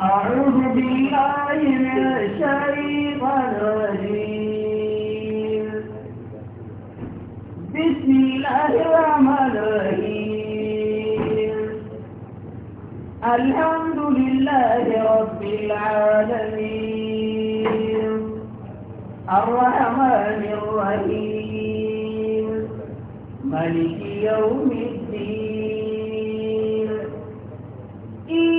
أعوذ بالله من الشيطان الرجيم بسم الله الرحمن الرحيم الحمد لله رب العالمين الرحمن الرحيم ملك يوم الدين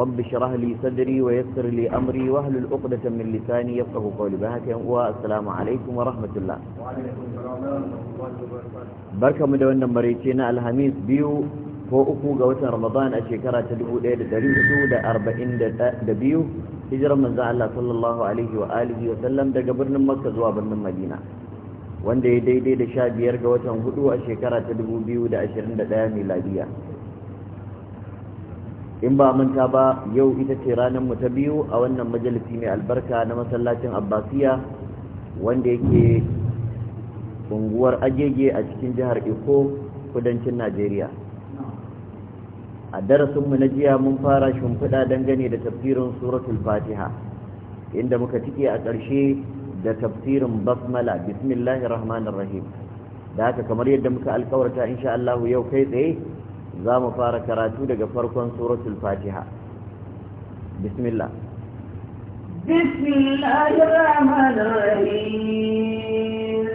رب شرح لي صدري ويسر لي أمري وهل الأقدة من لساني يفقه قولي بهك والسلام عليكم ورحمة الله وعليكم السلام بركة مدونة مريتين الهميس بيو ko uku ga watan ramadan a shekara ta 1442 hijirar manzan Allah sallallahu alaihi wa sallam daga birnin makka zuwa birnin madina wanda ya daidai da sha biyar ga watan hudu a shekara ta 2021 miladiya in ba manta ba yau ita ce ranar mu ta biyu a wannan majalisi mai albarka na masallacin abbasiya wanda yake unguwar agege a cikin jihar Ikko kudancin najeriya a darasin mu na jiya mun fara shimfiɗa dangane da tafsirin suratul fatiha inda muka tike a ƙarshe da tafsirin basmala bismillahir rahmanir rahim da haka kamar yadda muka alkawarta insha Allah yau kai tsaye za mu fara karatu daga farkon suratul fatiha bismillah bismillahir rahmanir rahim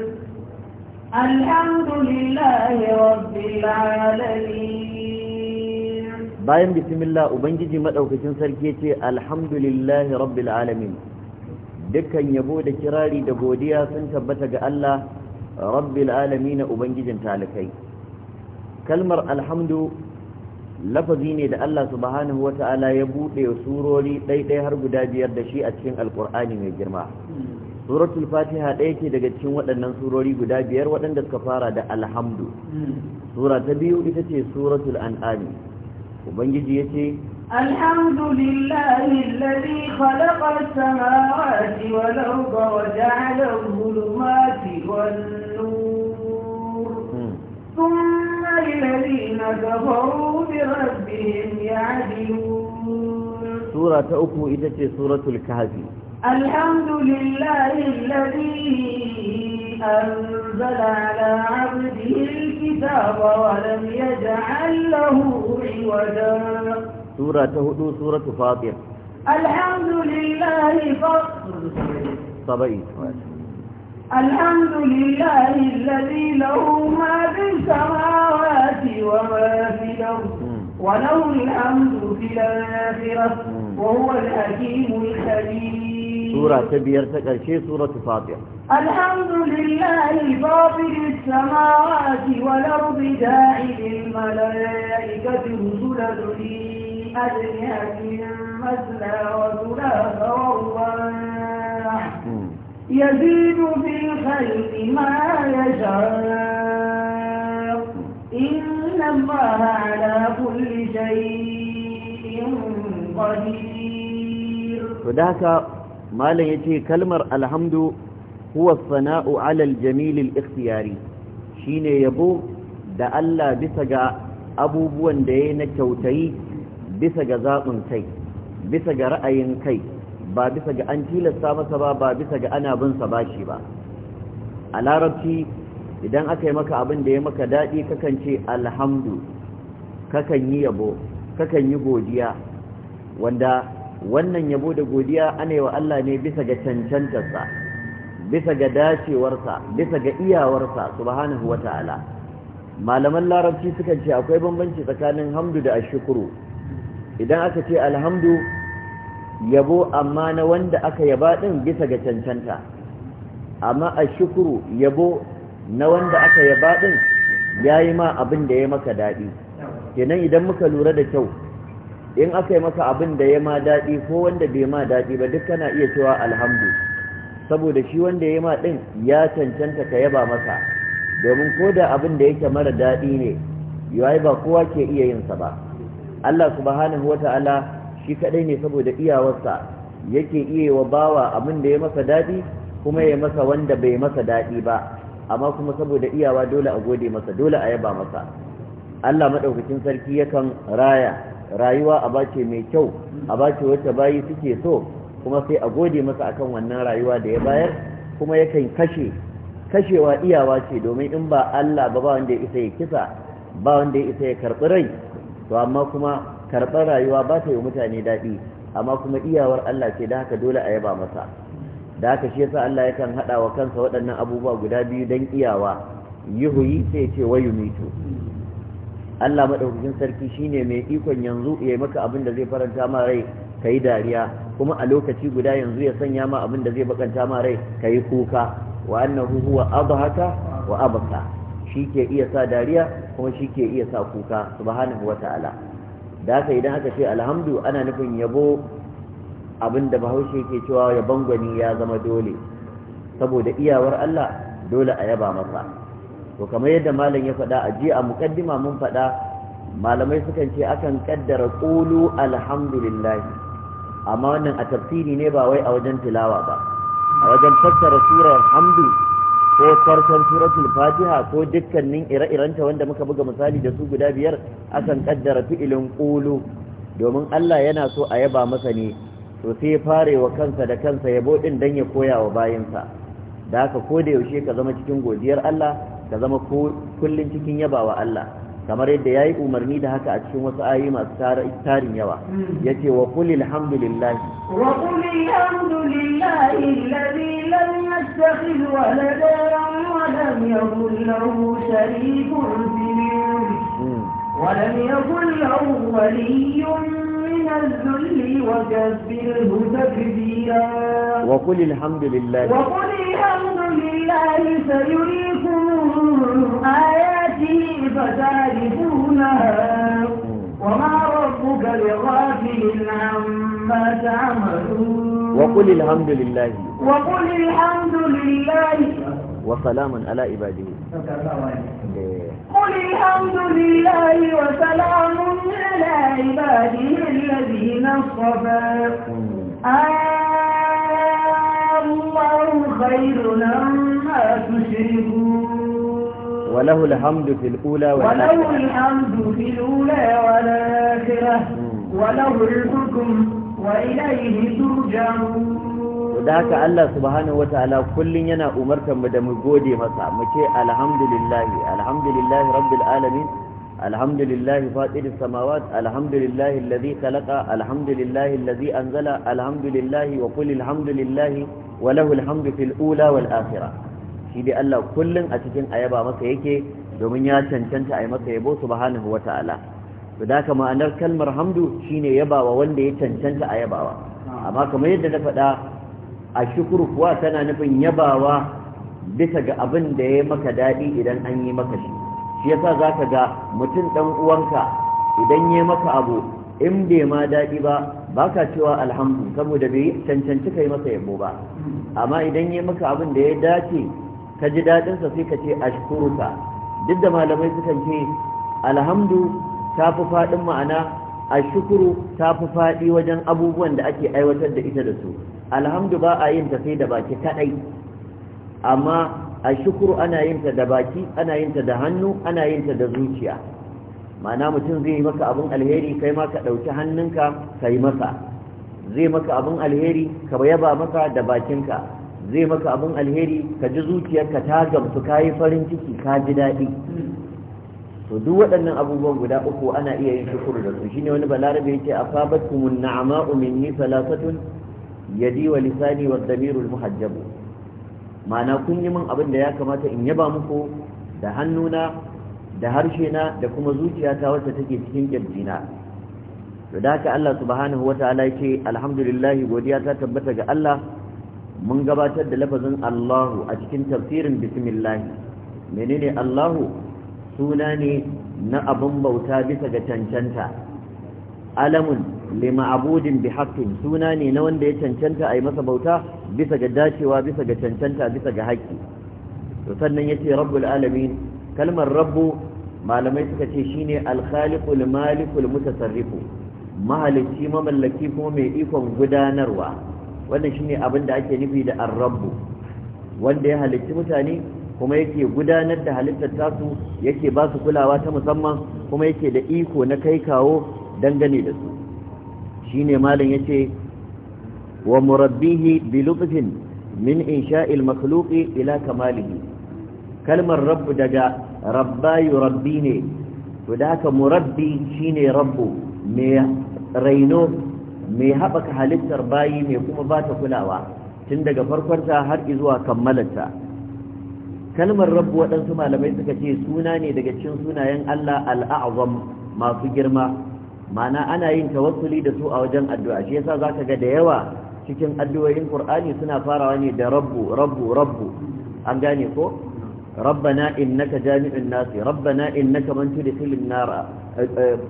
alhamdulillahi rabbil alamin bayan bismillah ubangiji madaukakin sarki ce alhamdulillahi rabbil alamin dukkan yabo da kirari da godiya sun tabbatar ga Allah rabbil na ubangijin talikai kalmar alhamdu lafazi ne da Allah subhanahu wa ta'ala ya buɗe surori ɗaiɗai har guda biyar da shi a cikin alƙur'ani mai girma suratul fatiha ɗaya ce daga cikin waɗannan surori guda biyar waɗanda suka fara da alhamdu sura ta biyu ita ce suratul an'ami ubangiji ya ce الحمد لله الذي خلق السماوات والأرض وجعل الظلمات والنور ثم الذين كفروا بربهم يعدلون سورة أكو إتتي سورة الكهف الحمد لله الذي أنزل على عبده الكتاب ولم يجعل له عوجا سورة هدو سورة فاطر الحمد لله فاطر طبعي الحمد لله الذي له ما في السماوات وما في الأرض وله الحمد في الآخرة وهو الحكيم الخبير سورة كبيرة كالشيء سورة فاطر الحمد لله فاطر السماوات والأرض جاعل الملائكة رسلا في أجنحة مثنى وثلاث ورباع يزيد في الخلق ما يشاء إن الله على كل شيء قدير فذاك ما يتي كلمر الحمد هو الثناء على الجميل الاختياري شين يبو da Allah bisa ga abubuwan da ya na kyautayi bisa ga zaɓin kai bisa ga ra'ayin kai ba bisa ga an tilasta masa ba ba bisa ga ana bin sa bashi ba a larabci idan aka yi maka abin da ya maka daɗi kakan ce alhamdu kakan yi yabo kakan yi godiya wanda wannan yabo da godiya ana yi wa Allah ne bisa ga cancantarsa bisa ga dacewarsa bisa ga iyawarsa subhanahu wa ta'ala malaman larabci sukan ce akwai bambanci tsakanin hamdu da ashukuru idan aka ce alhamdu yabo amma na wanda aka yaba din bisa ga cancanta amma a shukuru yabo na wanda aka yaba din yayi ma abin da ya maka daɗi kenan idan muka lura da kyau in aka yi maka abin da ya ma dadi ko wanda bai ma dadi ba duk kana iya cewa alhamdu saboda shi wanda ya ma din ya cancanta ka yaba masa domin koda abinda abin da yake mara dadi ne yayi ba kowa ke iya yinsa ba Allah subhanahu wata'ala shi kadai ne saboda iyawarsa yake iya wa bawa abin da ya masa daɗi kuma ya masa wanda bai masa daɗi ba amma kuma saboda iyawa dole a gode masa dole a yaba masa Allah madaukakin sarki yakan raya rayuwa a bace mai kyau a bace wacce bayi suke so kuma sai a gode masa akan wannan rayuwa da ya bayar kuma yakan kashe kashewa iyawa ce domin in ba Allah ba ba wanda ya isa ya kisa ba wanda ya isa ya karɓi rai to amma kuma karɓar rayuwa ba ta yi mutane daɗi amma kuma iyawar Allah ce da haka dole a yaba masa da haka shi yasa Allah yakan haɗa wa kansa waɗannan abubuwa guda biyu don iyawa yuhuyi sai ya ce wayu mitu Allah madaukakin sarki shine mai ikon yanzu ya yi maka abin da zai faranta ma rai kai dariya kuma a lokaci guda yanzu ya sanya ma abin da zai bakanta ma rai kai kuka wa annahu huwa abhaka wa abka shi ke iya sa dariya kuma shi ke iya sa kuka subhanahu wata'ala da haka idan aka ce alhamdu ana nufin yabo abinda bahaushe ke cewa yabon gwani ya zama dole saboda iyawar Allah dole a yaba masa to kamar yadda malam ya faɗa a jiya a mukaddima mun faɗa malamai sukan ce akan kaddara qulu alhamdulillah amma wannan a tafsiri ne ba wai a wajen tilawa ba a wajen fassara surar hamdu ko farkon suratul fatiha ko dukkanin ire-irenta wanda muka buga misali da su guda biyar akan kaddara fi'ilin qulu domin Allah yana so a yaba masa ne to sai ya fare wa kansa da kansa yabo din dan ya koya wa bayinsa da haka ko da yaushe ka zama cikin godiyar Allah ka zama kullun cikin yabawa Allah kamar yadda ya yi umarni da haka a cikin wasu ayi masu tarin yawa hmm. ya ce wa kulil hamdulillahi wa kulil hamdulillahi lalli lam yattakhid waladan wa lam yakul ya sharikun fil ولم يكن له ولي من الذل وكبره تكبيرا وقل الحمد لله وقل الحمد لله سيريكم آيات التي وما ربك لغافل عما تعملون وقل الحمد لله وقل الحمد لله وسلام على عباده قل الحمد لله وسلام على عباده الذين اصطفى آه، الله خير لما تشركون وله الحمد في الأولى والآخرة وله الحمد في الأولى والآخرة وله الحكم وإليه ترجعون da haka Allah subhanahu wata'ala kullun yana umartar mu da mu gode masa mu ce alhamdulillahi alhamdulillahi rabbil alamin alhamdulillahi fatir samawat alhamdulillahi alladhi khalaqa alhamdulillahi alladhi anzala alhamdulillahi wa qul alhamdulillahi wa lahu alhamdu fil ula wal akhirah shi dai Allah kullum a cikin ayaba masa yake domin ya cancanta a yi masa yabo subhanahu wa ta'ala to da kama anar kalmar hamdu shine yabawa wanda ya cancanta a yabawa amma kamar yadda na faɗa a shukuru kuwa tana nufin yabawa bisa ga abin da ya maka daɗi idan an yi maka shi shi yasa za ka ga mutum ɗan uwanka idan ya maka abu in bai ma daɗi ba ba ka cewa alhamdu saboda bai cancanci kai masa yabo ba amma idan ya maka abin da ya dace ka ji daɗinsa sai ka ce ashkuruka duk da malamai sukan ce alhamdu ta fi faɗin ma'ana ashkuru ta fi faɗi wajen abubuwan da ake aiwatar da ita da su alhamdu ba a yin ta sai da baki kaɗai amma ashkuru ana yin ta da baki ana yin ta da hannu ana yin ta da zuciya ma'ana mutum zai yi maka abin alheri kai ma ka ɗauki hannunka ka yi masa zai maka abin alheri ka yaba maka da bakinka zai maka abin alheri ka ji zuciyarka ta gamsu ka yi farin ciki ka ji daɗi to duk waɗannan abubuwan guda uku ana iya yin shukuru da su shine wani balarabe yace afabatkumun na'ama'u minni salasatun yadi wa lisani wa dhamiru al ma'ana kun yi min abin da ya kamata in yaba muku da hannuna da harshe na da kuma zuciyata wacce take cikin kirjina to da haka Allah subhanahu wataala yace alhamdulillah godiya ta tabbata ga Allah mun gabatar da lafazin Allahu a cikin tafsirin bismillah menene Allahu suna ne na abin bauta bisa ga cancanta alamun lima abudin bi haqqin suna ne na wanda ya cancanta a yi masa bauta bisa ga dacewa bisa ga cancanta bisa ga haƙƙi to sannan yace rabbul alamin kalmar rabbu malamai suka ce shine al-khaliqul malikul mutasarrifu mahalicci mamallaki kuma mai ikon gudanarwa wannan shine abin da ake nufi da ar wanda ya halitta mutane kuma yake gudanar da halittar tasu yake ba su kulawa ta musamman kuma yake da iko na kai kawo dangane da su shine malam yace wa murabbihi bi lutfin min insha'il makhluqi ila kamalihi kalmar rabbu daga rabbayu rabbi ne to da haka murabbi shine rabbu me raino mai haɓaka halittar bayi mai kuma ba ta kulawa tun daga farkonta har zuwa kammalarta kalmar rabbu waɗansu malamai suka ce suna ne daga cikin sunayen Allah al'azam masu girma ma'ana ana yin tawassuli da su a wajen addu'a shi yasa zaka ga da yawa cikin addu'o'in Qur'ani suna farawa ne da rabbu rabbu rabbu an gane ko rabbana innaka jami'un nasi rabbana innaka man tudkhilun nara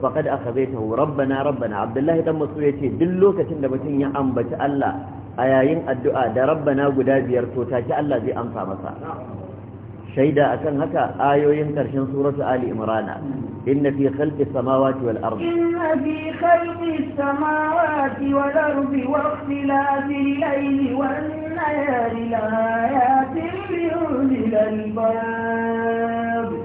فقد أخذته ربنا ربنا عبد الله تم صويته دلوك تنبتين يأنبت الله أيين الدعاء دا ربنا قداد يرتوتاك الله ذي أنصى مساء شيدا أكن هكا آيو ينترشن سورة آل إمرانا إن في خلق السماوات والأرض إن في خلق السماوات والأرض واختلاف الليل والنيار لآيات لأولي الألباب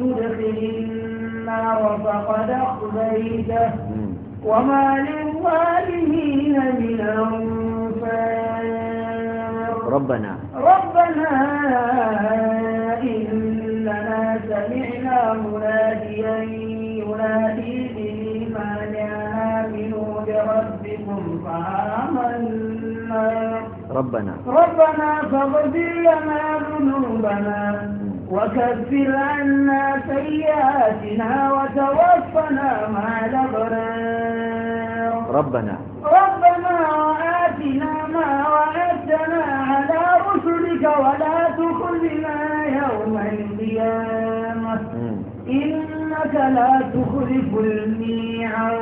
تدخل النار فقد أخزيته وما للظالمين من أنفار ربنا ربنا إننا سمعنا مناديا ينادي بالإيمان آمنوا بربكم فآمنا ربنا ربنا فاغفر لنا ذنوبنا وكفر عنا سيئاتنا وتوفنا مع الأبرار ربنا ربنا وآتنا ما وعدتنا على رسلك ولا تخلنا يوم القيامة إنك لا تخلف الميعاد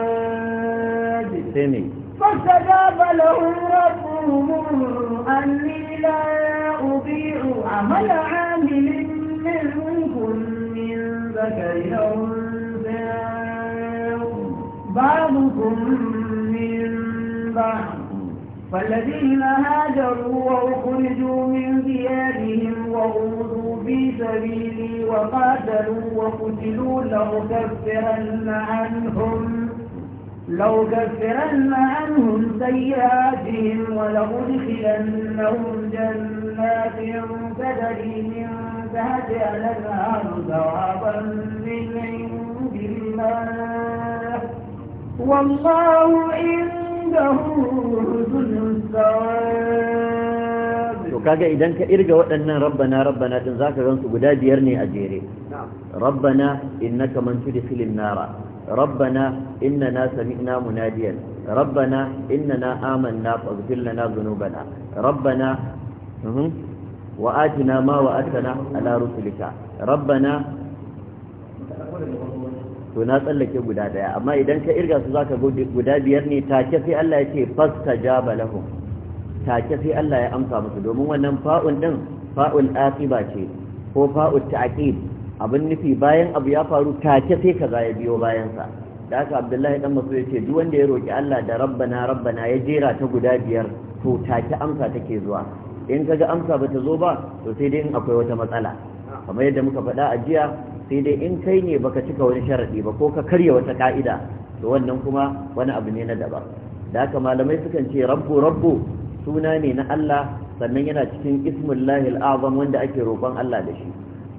فاستجاب لهم ربهم أني لا أضيع عمل عامل بعضكم من بعض فالذين هاجروا وخرجوا من ديارهم وغوضوا في سبيلي وقاتلوا وقتلوا لأكفرن عنهم كفرن عنهم سيئاتهم ولأدخلنهم جنات تجري من تحتها الأنهار ثوابا من عند الله والله عنده حسن kaga idan ka irga waɗannan rabbana rabbana din zaka gansu guda biyar ne a jere rabbana innaka man tudkhilin nara rabbana innana sami'na munadiyan rabbana innana amanna faghfir lana dhunubana rabbana وآتنا ما وآتنا على رسلك ربنا to na tsallake guda daya amma idan ka irga su zaka guda biyar ne take sai Allah ya ce fastajaba lahum take sai Allah ya amsa musu domin wannan fa'un din fa'ul aqiba ce ko fa'ul ta'qib abin nufi bayan abu ya faru take sai kaza ya biyo bayan sa da haka Abdullahi dan Mas'ud ya ce duk wanda ya roki Allah da rabbana rabbana ya jera ta guda biyar to take amsa take zuwa in ka ga amsa ba ta zo ba to sai dai in akwai wata matsala kamar yadda muka faɗa a jiya sai dai in kai ne baka cika wani sharaɗi ba ko ka karya wata ka'ida to wannan kuma wani abu ne na daba da haka malamai sukan ce rabbu rabbu suna ne na Allah sannan yana cikin ismullahi al'azam wanda ake roƙon Allah da shi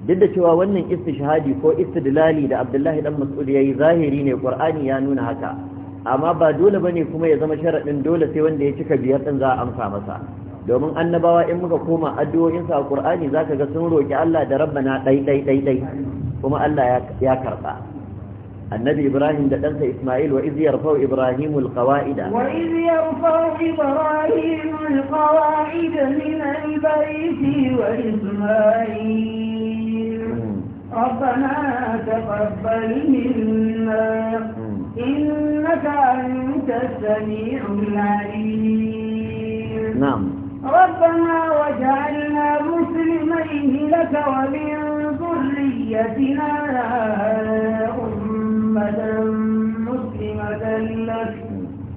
duk da cewa wannan istishhadi ko istidlali da Abdullahi dan Mas'ud yayi zahiri ne Qur'ani ya nuna haka amma ba dole bane kuma ya zama sharaɗin dole sai wanda ya cika biyar din za a amsa masa domin annabawa in muka koma addu'o'insu a za ka ga sun roƙi Allah da rabbana ɗai ɗai ɗai dai kuma Allah ya karba annabi Ibrahim da ɗansa Ismail wa iz yarfau Ibrahim alqawaida wa iz yarfau Ibrahim alqawaida min albayti wa Ismail ربنا تقبل منا إنك أنت السميع العليم نعم ربنا واجعلنا مسلمين لك ومن ذريتنا أمة مسلمة لك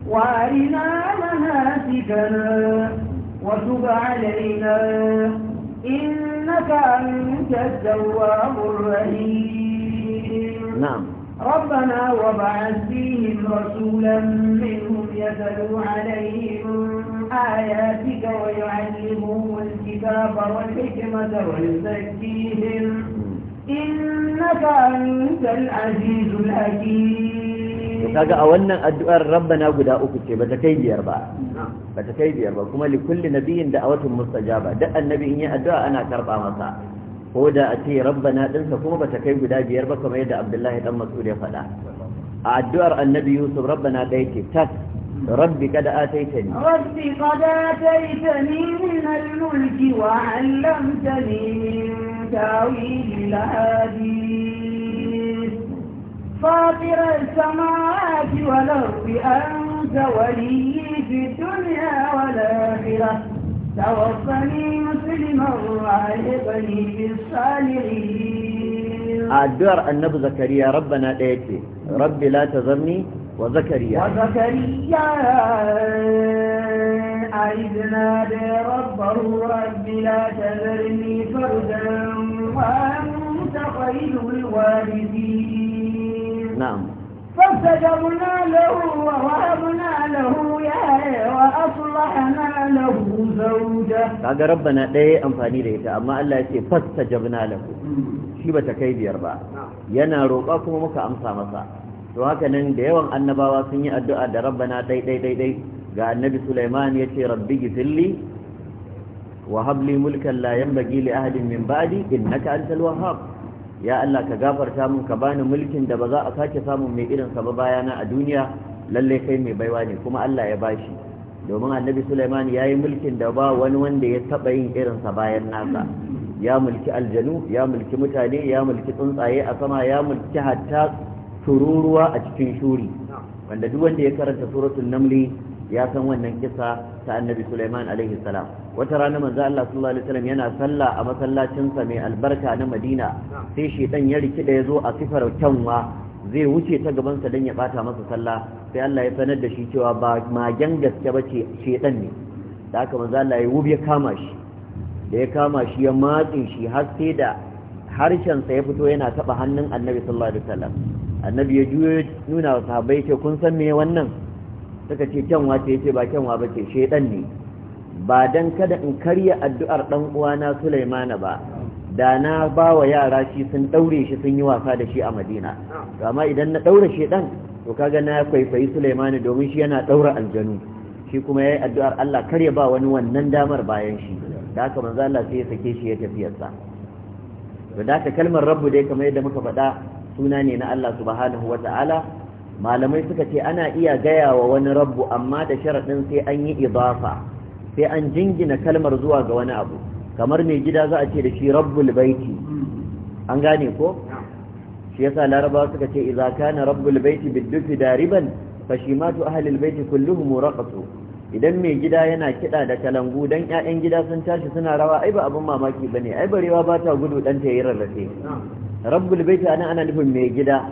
وأرنا مناسكنا وتب علينا إنك أنت التواب الرحيم نعم ربنا وابعث فيهم رسولا منهم يتلو عليهم ويعلمهم الكتاب والحكمة ويزكيهم إنك أنت العزيز الحكيم kaga a wannan addu'ar rabbana guda uku ce bata kai biyar ba bata kai biyar ba kuma li kulli nabiyin da'awatun mustajaba duk annabi in yi addu'a ana karba masa ko da a ce rabbana dinsa kuma bata kai guda biyar ba kamar yadda Abdullahi dan Mas'ud ya faɗa a addu'ar annabi Yusuf rabbana ɗaya ce tas ربي قد آتيتني ربي قد آتيتني من الملك وعلمتني من تاويل الحديث فاطر السماوات والأرض أنت ولي في الدنيا والآخرة توفني مسلما وعلقني بالصالحين الدور النبي زكريا ربنا ايتي ربي لا تذرني وزكريا وزكريا إذ نادى ربه رب لا تذرني فردا وأنت خير الوارثين نعم فاستجبنا له ووهبنا له يحيى وأصلحنا له زوجه ɗaya amfani da ita amma Allah yace fastajabna lahu shi bata kai biyar ba yana roƙa kuma muka amsa masa to haka nan da yawan annabawa sun yi addu'a da rabbana dai dai dai dai ga annabi Sulaiman ya ce rabbi gifilli wa habli mulkan la yanbaghi li ahadin min ba'di innaka antal wahhab ya Allah ka gafarta mun ka bani mulkin da ba za a sake samun mai irin sa ba bayana a duniya lalle kai mai baiwa ne kuma Allah ya bashi domin annabi Sulaiman yayi mulkin da ba wani wanda ya taba yin irin sa bayan nasa ya mulki aljanu ya mulki mutane ya mulki tsuntsaye a sama ya mulki hatta tururuwa a cikin shuri wanda duk wanda ya karanta suratul namli ya san wannan kisa ta annabi Sulaiman alaihi salam wata rana manzo Allah sallallahu alaihi wasallam yana sallah a masallacin sa mai albarka na Madina sai shedan ya rikida yazo a sifar kyanwa zai wuce ta gaban sa dan ya bata masa sallah sai Allah ya sanar da shi cewa ba magen gaske bace shedan ne da haka manzo Allah ya wubi ya kama shi da ya kama shi ya matsin shi har sai da Harshen harshensa ya fito yana taɓa hannun annabi sallallahu alaihi wasallam annabi ya juyo nuna wa sahabbai ce kun san me wannan suka ce kyanwa ce yace ba kyanwa bace shedan ne ba dan kada in karya addu'ar dan uwana Sulaimana ba da na ba wa yara shi sun daure shi sun yi wasa da shi a Madina amma idan na daure shedan to kaga na kwaifayi Sulaimana domin shi yana daura aljanu shi kuma yayi addu'ar Allah kar ya ba wani wannan damar bayan shi da haka manzo Allah sai ya sake shi ya tafiyarsa to da ka kalmar rabbu dai kamar yadda muka faɗa suna ne na Allah subhanahu wata'ala malamai suka ce ana iya gaya wa wani rabbu amma da sharaɗin sai an yi idafa sai an jingina kalmar zuwa ga wani abu kamar mai gida za a ce da shi rabbul baiti an gane ko shi yasa laraba suka ce idza kana rabbul baiti biddufi dariban fashimatu ahli albayti kulluhum raqatu idan mai gida yana kiɗa da kalangu dan ƴaƴan gida sun tashi suna rawa ai ba abin mamaki bane ne ai barewa ba ta gudu dan ta yi rarrafe rabbul baiti ana ana nufin mai gida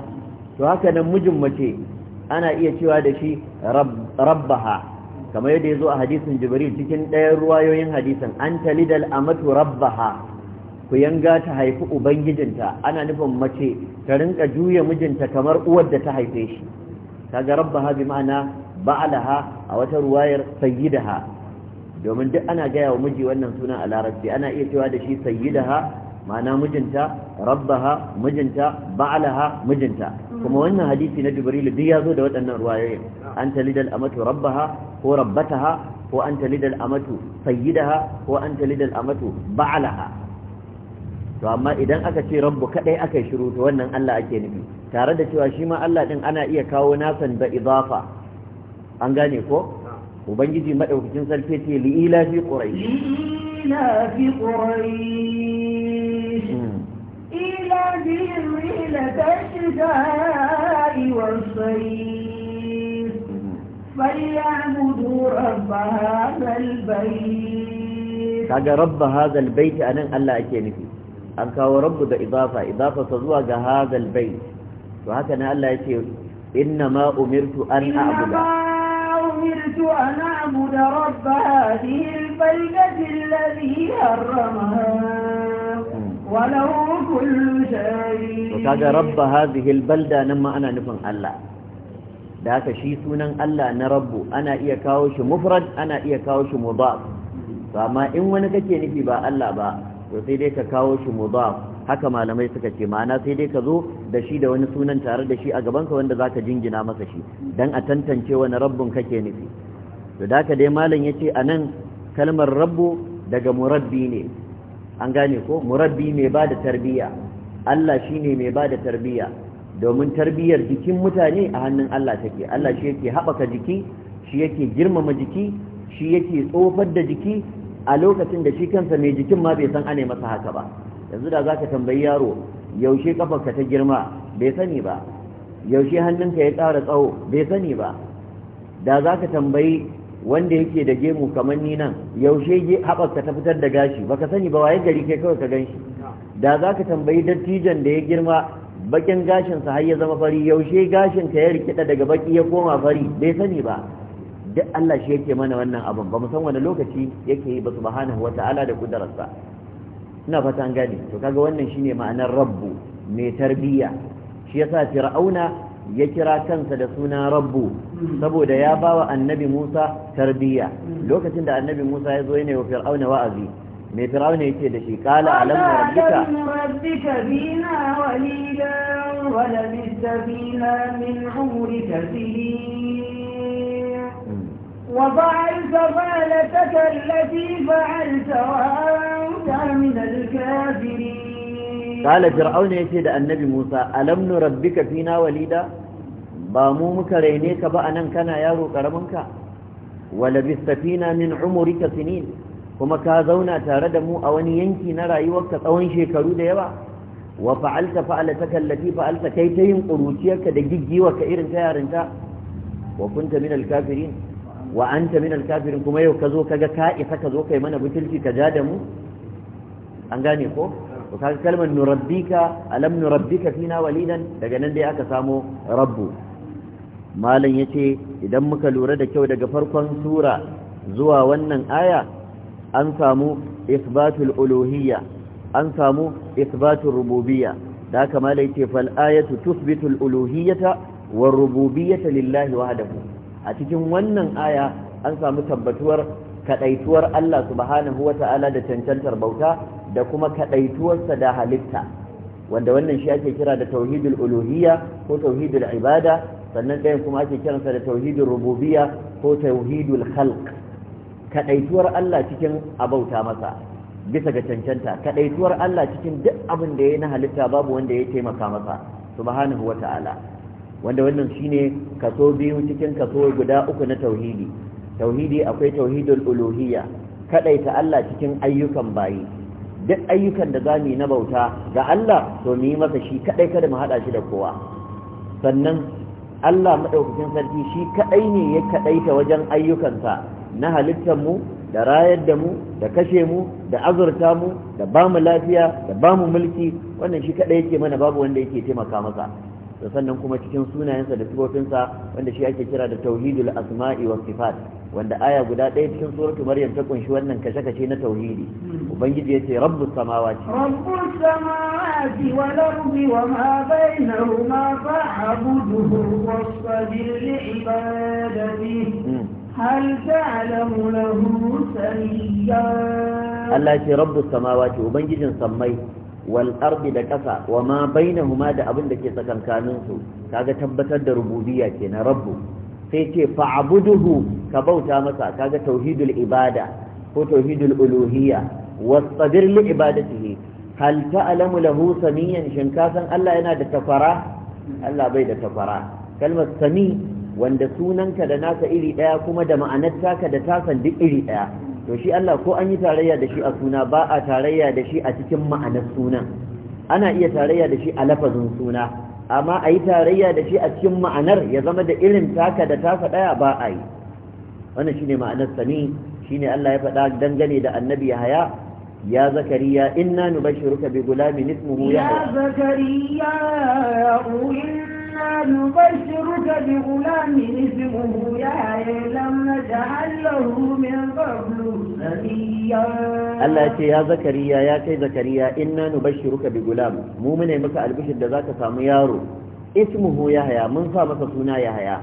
to haka nan mijin mace ana iya cewa da shi rabbaha kamar yadda yazo a hadisin jibril cikin ɗayan ruwayoyin hadisin an lidal amatu rabbaha ku yanga ta haifi ubangijinta ana nufin mace ta rinka juya mijinta kamar uwar da ta haife shi kaga rabbaha bi ma'ana ba'alaha a wata ruwayar sayyidaha domin duk ana gaya wa miji wannan suna a larabci ana iya cewa da shi sayyidaha ma'ana mijinta rabbaha mijinta ba'alaha mijinta kuma wannan hadisi na jibril duk ya zo da waɗannan ruwayoyin an talidal amatu rabbaha ko rabbataha ko an talidal amatu sayyidaha ko an talidal amatu ba'alaha to amma idan aka ce rabbu kadai aka yi shiru to wannan Allah ake nufi tare da cewa shi ma Allah din ana iya kawo nasan da idafa an gane ko ubangiji madaukakin sarki ce li ila fi quraish ila fi quraish hmm. ila bi ila tashda'i wal sayf hmm. falyabudu rabb hadha al bayt kaga rabb hadha al bayt nan Allah ake nufi an kawo rabbu da idafa idafa sa zuwa ga hadha al to haka ne Allah yake inna ma umirtu an a'budu أمرت أن أعبد رب هذه البلدة الذي حرمها وله كل شيء وكذا رب هذه البلدة نما أنا نفن الله da haka shi sunan Allah na rabbu ana iya kawo shi mufrad ana iya kawo shi mudaf amma in wani kake nufi ba Allah ba to sai dai ka kawo shi mudaf haka malamai suka ce ma'ana sai dai ka zo da shi da wani sunan tare da shi a gaban ka wanda zaka jingina masa shi dan a tantance wani rabbun kake nufi to da dai malam yace anan kalmar rabbu daga murabbi ne an gane ko murabbi mai bada tarbiyya. Allah shine mai bada tarbiyya. domin tarbiyyar jikin mutane a hannun Allah take Allah shi yake haɓaka jiki shi yake girmama jiki shi yake tsofar da jiki a lokacin da shi kansa mai jikin ma bai san ane masa haka ba yanzu da zaka tambayi yaro yaushe kafarka ta girma bai sani ba yaushe hannunka ya ƙara tsawo bai sani ba da zaka tambayi wanda yake da gemu kamar ni nan yaushe haɓarka ta fitar da gashi baka sani ba waye gari kai kawai ka ganshi da zaka tambayi dattijan da ya girma bakin gashinsa har ya zama fari yaushe gashinka ya rikida daga baki ya koma fari bai sani ba duk Allah shi yake mana wannan abin ba san wani lokaci yake yi ba subhanahu ta'ala da kudararsa ina fata an gane to kaga wannan shine ma'anar rabbu mai tarbiyya shi yasa fir'auna ya kira kansa da suna rabbu saboda ya bawa annabi Musa tarbiyya lokacin da annabi Musa ya zo yana wa fir'auna wa'azi mai fir'auna yake da shi qala alam rabbika rabbika bina walida wa min umrika وفعل فعلتك التي فعلت وأنت من الكافرين قال فرعون Walida. النبي موسى ألم نربك فينا وليدا بامو مكرينيك بأنا كان يارو كرمك ولبثت فينا من عمرك سنين kuma ka zauna tare da mu a wani yanki na rayuwarka tsawon shekaru da yawa wa fa'alta fa'alata kallati fa'alta kai ta yin ƙuruciyarka da giggiwarka irin yarinta wa wa anta minal kafirin kuma yau kaga ka isa ka kai mana butulci ka ja da mu an gane ko to kaga kalmar nurabbika alam nurabbika fina walidan daga nan dai aka samo rabbu malam yace idan muka lura da kyau daga farkon sura zuwa wannan aya an samu isbatul uluhiyya an samu isbatul rububiyya da haka malam yace fal ayatu tuthbitul uluhiyyata war rububiyyata lillahi wahdahu a cikin wannan aya an samu tabbatuwar kadaituwar Allah subhanahu wata'ala da cancantar bauta da kuma kadaituwarsa da halitta wanda wannan shi ake kira da tauhidul uluhiyya ko tauhidul ibada sannan ɗayan kuma ake kiransa da tauhidul rububiyya ko tauhidul khalq kadaituwar Allah cikin abauta masa bisa ga cancanta kadaituwar Allah cikin duk abin da yayi na halitta babu wanda ya taimaka masa subhanahu wata'ala wanda wannan shine kaso biyu cikin kaso guda uku na tauhidi tauhidi akwai tauhidul uluhiyya kadaita Allah cikin ayyukan bayi duk ayyukan da zamu na bauta ga Allah to mu yi masa shi kadai kada mu hada shi da kowa sannan Allah madaukakin sarki shi kadai ne ya kadaita wajen ayyukansa na halittar mu da rayar da mu da kashe mu da azurta mu da ba mu lafiya da ba mu mulki wannan shi kadai yake mana babu wanda yake taimaka masa da sannan kuma cikin sunayensa da sifofinsa wanda shi ake kira da tauhidul asma'i was sifat wanda aya guda ɗaya cikin suratu maryam ta kunshi wannan kashe-kashe na tauhidi ubangiji yace rabbus samawati rabbus samawati wal ardi wa ma bainahuma fa'budhu wasbir li ibadatihi hmm. هل تعلم له Allah الله يتي رب السماوات ubangijin سمي wal da ƙasa wa ma bainahuma da abin da ke tsakankanin su kaga tabbatar da rububiyya na rabbu sai ce fa'buduhu ka bauta masa kaga tauhidul ibada ko tauhidul uluhiyya wasabir li ibadatihi hal ta'lamu lahu samiyan shin ka san Allah yana da tafara Allah bai da tafara kalmar sami wanda sunanka da nasa iri daya kuma da ma'anar taka da tasan duk iri daya to shi Allah ko an yi tarayya da shi a suna ba a tarayya da shi a cikin ma'anar sunan ana iya tarayya da shi a lafazin suna amma a yi tarayya da shi a cikin ma'anar ya zama da irin taka da taka ɗaya ba a yi wannan shine ma'anar sani shine Allah ya faɗa dangane da annabi Yahaya ya zakariya inna nubashiruka bi gulamin ismuhu ya zakariya إنا نبشرك بغلام اسمه يحيى لم نجعل له من قبل نبيا Allah ce ya zakariya ya kai zakariya inna nubashshiruka bi gulam mu mune maka albishir da zaka samu yaro ismuhu yahya mun sa maka suna yahya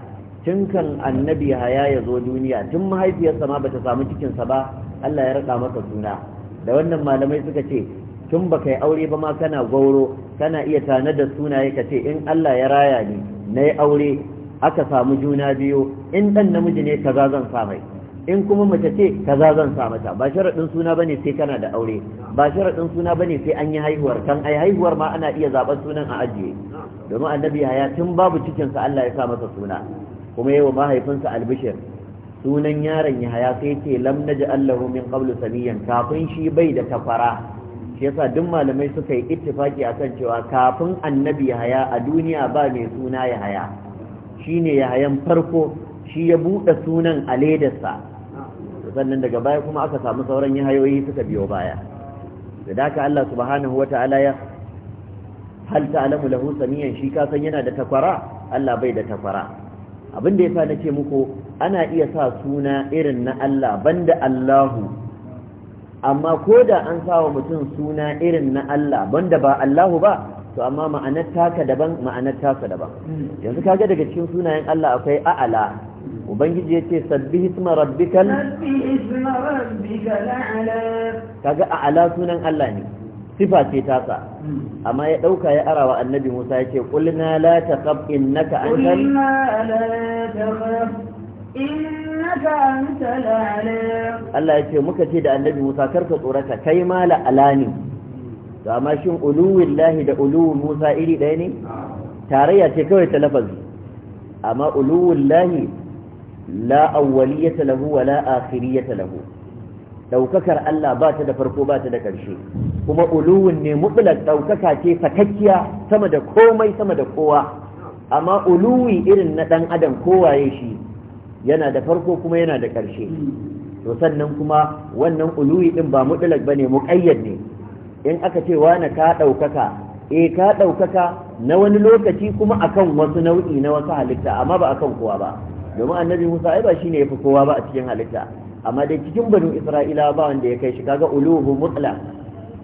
tun kan annabi yahya ya zo duniya tun mahaifiyarsa ma bata samu cikinsa ba Allah ya rada maka suna da wannan malamai suka ce tun ba kai aure ba ma kana gauro kana iya tana da sunaye ka ce in Allah ya raya ni na yi aure aka samu juna biyu in ɗan namiji ne kaza zan sa mai in kuma mace ce kaza zan sa mata ba sharaɗin suna bane sai kana da aure ba sharaɗin suna bane sai an yi haihuwar kan ai haihuwar ma ana iya zaɓar sunan a ajiye domin annabi haya tun babu cikinsa Allah ya sa masa suna kuma yawa mahaifinsa albishir sunan yaron ya haya sai ce lam naji allahu min qablu samiyan kafin shi bai da kafara shi yasa duk malamai suka yi ittifaki akan cewa kafin annabi yahaya a duniya ba mai suna yahaya shine yahayan farko shi ya buɗe sunan a ledarsa sannan daga baya kuma aka samu sauran yahayoyi suka biyo baya da haka Allah subhanahu wata'ala ya hal ta'lamu lahu samiyan shi kasan yana da takwara Allah bai da takwara abin da yasa nace muku ana iya sa suna irin na Allah banda Allahu amma ko da an sawa mutum suna irin na Allah banda ba Allahu ba to amma ma'anar taka daban ma'anar taka daban yanzu kaga daga cikin sunayen Allah akwai a'ala ubangiji yace sabbihi isma rabbikal kaga a'ala sunan Allah ne sifa ce tasa hmm. amma ya dauka ya arawa annabi Musa yace qulna la taqab innaka antal qulna la taqab Allah ya ce muka ce da annabi Musa karka tsorata kai mala la'ala ne to amma shin uluwin lahi da uluwin Musa iri ɗaya ne tarayya ce kawai ta lafazi amma uluwin lahi la awwaliyata lahu wa la akhiriyata lahu daukakar Allah ba ta da farko ba ta da ƙarshe kuma uluwin ne mutlaq daukaka ce fatakkiya sama da komai sama da kowa amma uluwi irin na dan adam ya shi yana da farko kuma yana da ƙarshe to sannan kuma wannan uluwi din ba mutlak bane muqayyad ne in aka ce wani ka ɗaukaka eh ka ɗaukaka na wani lokaci kuma akan wasu nau'i na wasu halitta amma ba akan kowa ba domin annabi Musa ai ba shine yafi kowa ba a cikin halitta amma dai cikin banu Isra'ila ba wanda ya kai shi kaga uluhu mutlak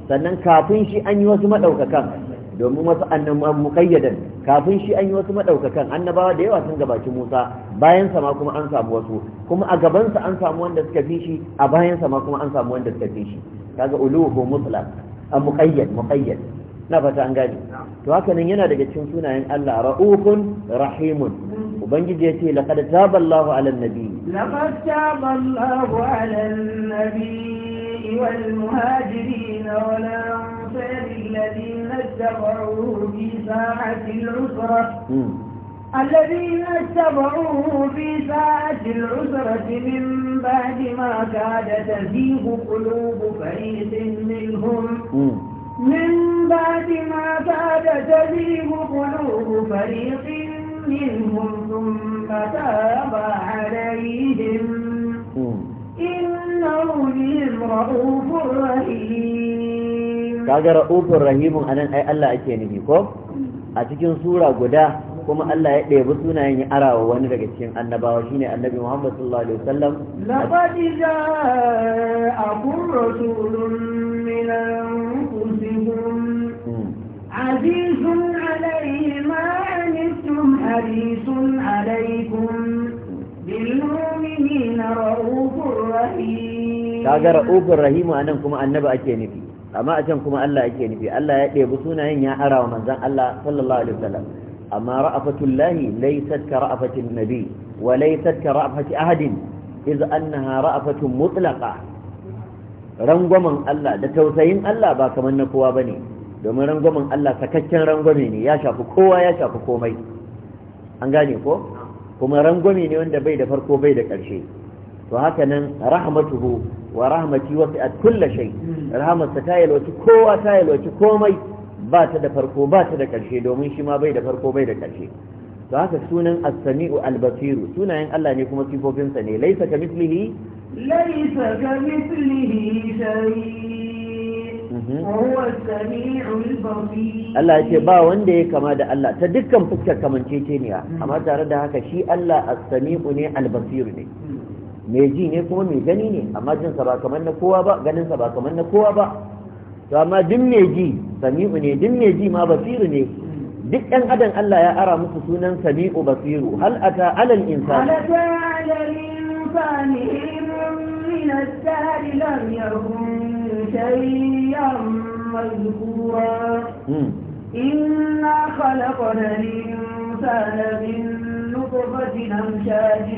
sannan kafin shi an yi wasu maɗaukakan. domin wasu annabawa muqayyadan kafin shi an yi wasu maɗaukakan annabawa da yawa sun gabaci Musa bayan sa ma kuma an samu wasu kuma a gaban sa an samu wanda suka fi shi a bayan sa ma kuma an samu wanda suka fi shi kaga uluhu mutlaq a muqayyad muqayyad na fata an gane to haka nan yana daga cikin sunayen Allah ra'ufun rahimun ubangiji ya ce laqad taballahu ala nabi laqad taballahu ala nabi wal muhajirin wal اتبعوه في العسرة الذين اتبعوه في ساعة العسرة من بعد ما كاد تزيغ قلوب فريق منهم من بعد ما كاد تزيغ قلوب فريق منهم ثم تاب عليهم إنه بهم رؤوف رحيم kaga ra'ufur rahimun anan ai Allah ake nufi ko a cikin sura guda kuma Allah ya ɗebi sunayen ya arawa wani daga cikin annabawa shine annabi Muhammad sallallahu alaihi wasallam laqad ja'akum rasulun min anfusikum hmm. azizun alayhi ma anittum harisun alaykum mu'minina ra'ufur rahim kaga ra'ufur rahim anan kuma annabi ake nufi amma a can kuma Allah yake nufi Allah ya ɗebi sunayen ya ara wa manzan Allah sallallahu alaihi wasallam amma Lahi laysat ka ra'afatin nabi wa laysat ka ra'afati ahadin iz annaha ra'afatun mutlaqa rangwamen Allah da tausayin Allah ba kamar na kowa bane domin rangwamen Allah sakakken rangwame ne ya shafi kowa ya shafi komai an gane ko kuma rangwame ne wanda bai da farko bai da ƙarshe to haka nan rahmatuhu wa rahmati wasi'at a shay rahmatsa ta yalwaci kowa ta yalwaci komai ba ta da farko ba ta da karshe domin shi ma bai da farko bai da karshe to haka sunan as-sami'u al-basiru sunayen Allah ne kuma sifofinsa ne laisa ka mislihi laisa ka mislihi shay mhm. Allah ya ce ba wanda ya kama da Allah ta dukkan fuskar kamanceceniya amma tare da haka shi Allah as-sami'u ne al-basiru ne hmm. mai ji ne kuma mai gani ne amma jinsa ba kamar na kowa ba ganinsa ba kamar na kowa ba to amma duk mai ji sami'u ne duk mai ji ma basiru ne duk ɗan adam Allah ya ara musu sunan sami'u basiru hal ata alal insani إنا خلقنا الإنسان من نطفة أمشاج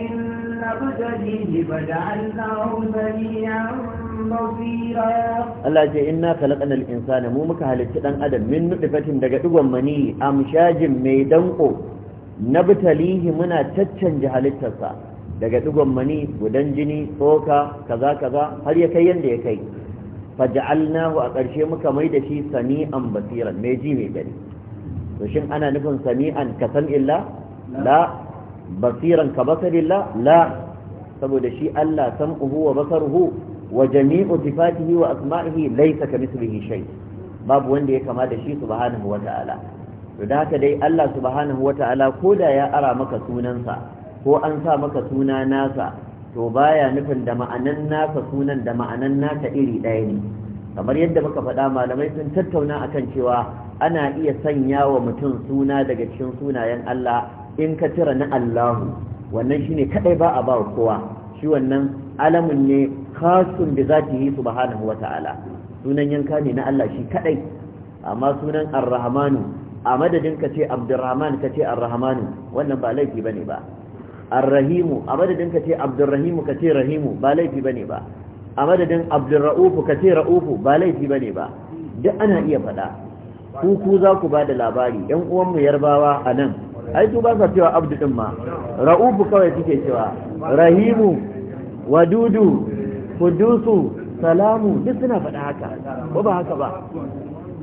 Allah ce inna kalaƙan al’insa da mu muka halitta dan adam min fatin daga digon mani amshajin mai danƙo. na butalihi muna caccanji halittarsa daga ɗigon mani gudan jini tsoka kaza kaza har ya kai yadda ya kai faja'alnahu a ƙarshe muka mai da shi sani'an basiran mai ji mai gani to shin ana nufin sami'an kasan illa la basiran ka basarillah la saboda shi Allah sam'uhu wa basaruhu wa jami'u sifatihi wa asma'ihi laysa kamithlihi shay babu wanda ya kama da shi subhanahu wa ta'ala to da haka dai Allah subhanahu wa ta'ala koda ya ara maka sunansa ko an sa maka suna nasa to baya nufin da ma'anan nasa sunan da ma'anan nasa iri ɗaya ne kamar yadda muka faɗa malamai sun tattauna akan cewa ana iya sanya wa mutum suna daga cikin sunayen Allah in ka cire na Allahu wannan shine kadai ba a ba kowa shi wannan alamun ne khasun bi zatihi subhanahu ta'ala. sunan yanka ne na Allah shi kadai amma sunan Ar-Rahmanu a madadin ka ce Abdurrahman ka ce Ar-Rahmanu wannan ba laifi bane ba Ar-Rahimu a madadin ka ce Abdurrahimu ka ce Rahimu ba laifi bane ba a madadin Abdurra'ufu ka ce Ra'ufu ba laifi bane ba duk ana iya faɗa ku ku za ku ba da labari ‘yan uwanmu yarbawa a nan ai su ba sa cewa abdu din ma ra'ufu kawai suke cewa rahimu wadudu kudusu salamu duk suna faɗa haka ko ba haka ba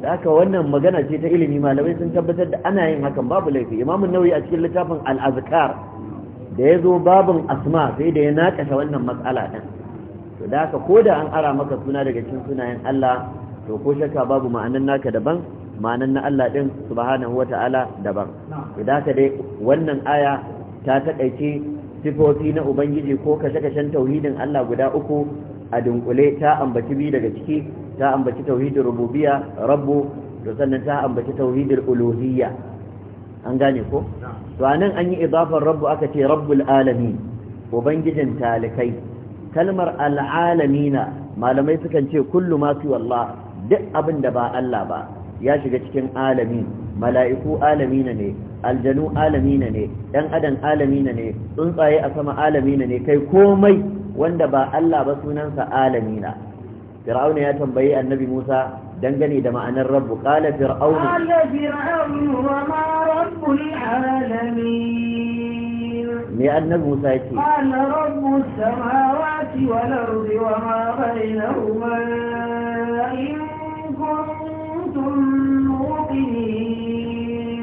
da haka wannan magana ce ta ilimi malamai sun tabbatar da ana yin hakan babu laifi imamun nauyi a cikin littafin al-azkar da ya zo babin asma sai da ya naƙasa wannan matsala ɗin to da haka ko da an ara maka suna daga cikin sunayen Allah to ko shakka babu ma'anan naka daban ma'anan na Allah ɗin subhanahu wata'ala daban idan haka dai wannan aya ta taƙaice sifofi na ubangiji ko kashe-kashen tauhidin Allah guda uku a dunkule ta ambaci bi daga ciki ta ambaci tauhidin rububiya rabbu to sannan ta ambaci tauhidin uluhiyya an gane ko to anan an yi idafar rabbu aka ce rabbul alami ubangijin talikai kalmar al'alamina malamai sukan ce kullu ma fi wallah duk abin da ba Allah ba ya shiga cikin alami mala'iku alamina ne aljanu alamina ne ɗan adam alamina ne tsuntsaye a sama alamina ne kai komai wanda ba Allah ba sunansa alamina fir'auna ya tambayi annabi Musa dangane da ma'anar rabbu qala fir'auna me annabi Musa yake qala rabbus samawati wal ardi wa ma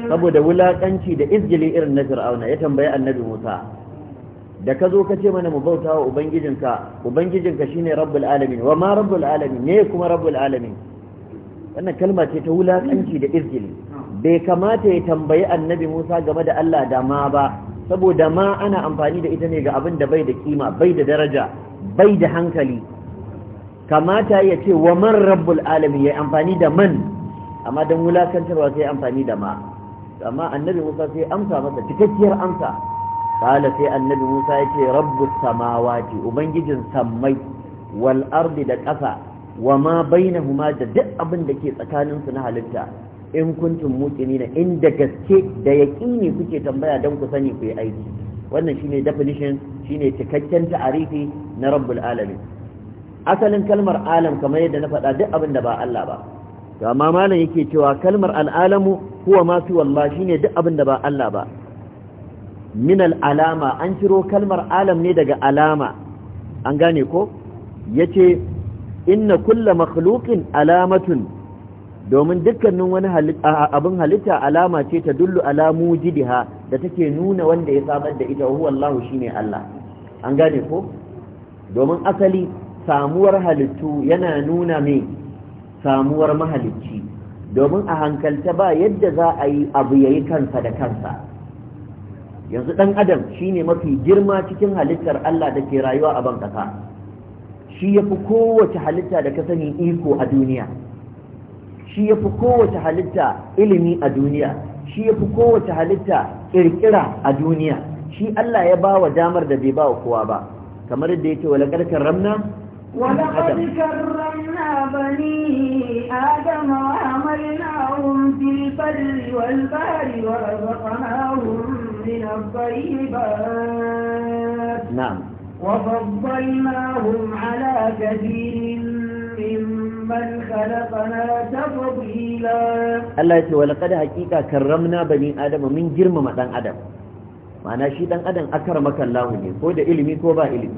saboda wulaƙanci da izgili irin na fir'auna ya tambayi annabi musa da ka zo ka ce mana mu bauta wa ubangijinka ubangijinka shine rabbul alamin wa ma rabbul alamin ne kuma rabbul alamin wannan kalma ce ta wulaƙanci da izgili bai kamata ya tambayi annabi musa game da allah da ma ba saboda ma ana amfani da ita ne ga abin da bai da kima bai da daraja bai da hankali kamata ya ce wa man rabbul alamin ya amfani da man amma don wulakantarwa sai amfani da ma amma annabi musa sai amsa masa cikakkiyar amsa kala sai annabi musa ya ce rabbus samawati ubangijin sammai wal ardi da ƙasa wa ma bainahuma da duk abin da ke tsakaninsu na halitta in kuntum in inda gaske da yaqini kuke tambaya dan ku sani ku yi aiki wannan shine definition shine cikakken ta'arifi na rabbul alamin asalin kalmar alam kamar yadda na faɗa duk abin da ba Allah ba to amma malam yake cewa kalmar al'alamu huwa ma fi wallah shine duk abin da ba Allah ba min al'alama an ciro kalmar alam ne daga alama an gane ko yace inna kulla makhluqin alamatun domin dukkanin wani abin halitta alama ce ta dullu ala jidiha da take nuna wanda ya samar da ita huwa Allah shine Allah an gane ko domin asali samuwar halittu yana nuna mai samuwar mahalicci domin a hankalta ba yadda za a yi abu ya yi kansa da kansa yanzu ɗan adam shi ne mafi girma cikin halittar Allah da ke rayuwa a ban ƙasa shi ya fi kowace halitta da ka sani iko a duniya shi ya fi kowace halitta ilimi a duniya shi ya fi kowace halitta ƙirƙira a duniya shi Allah ya ba wa damar da bai ba wa kowa ba kamar yadda ya ce wa laƙarƙar ramna ولقد كرمنا بني آدم وعملناهم في البر والبحر ورزقناهم من الطيبات نعم وفضلناهم على كثير ممن خلقنا تفضيلا الله يقول ولقد حقيقة كرمنا بني آدم من جرم مدن آدم ma'ana shi dan adam akramaka Allah ne ko da ilimi ko ba ilimi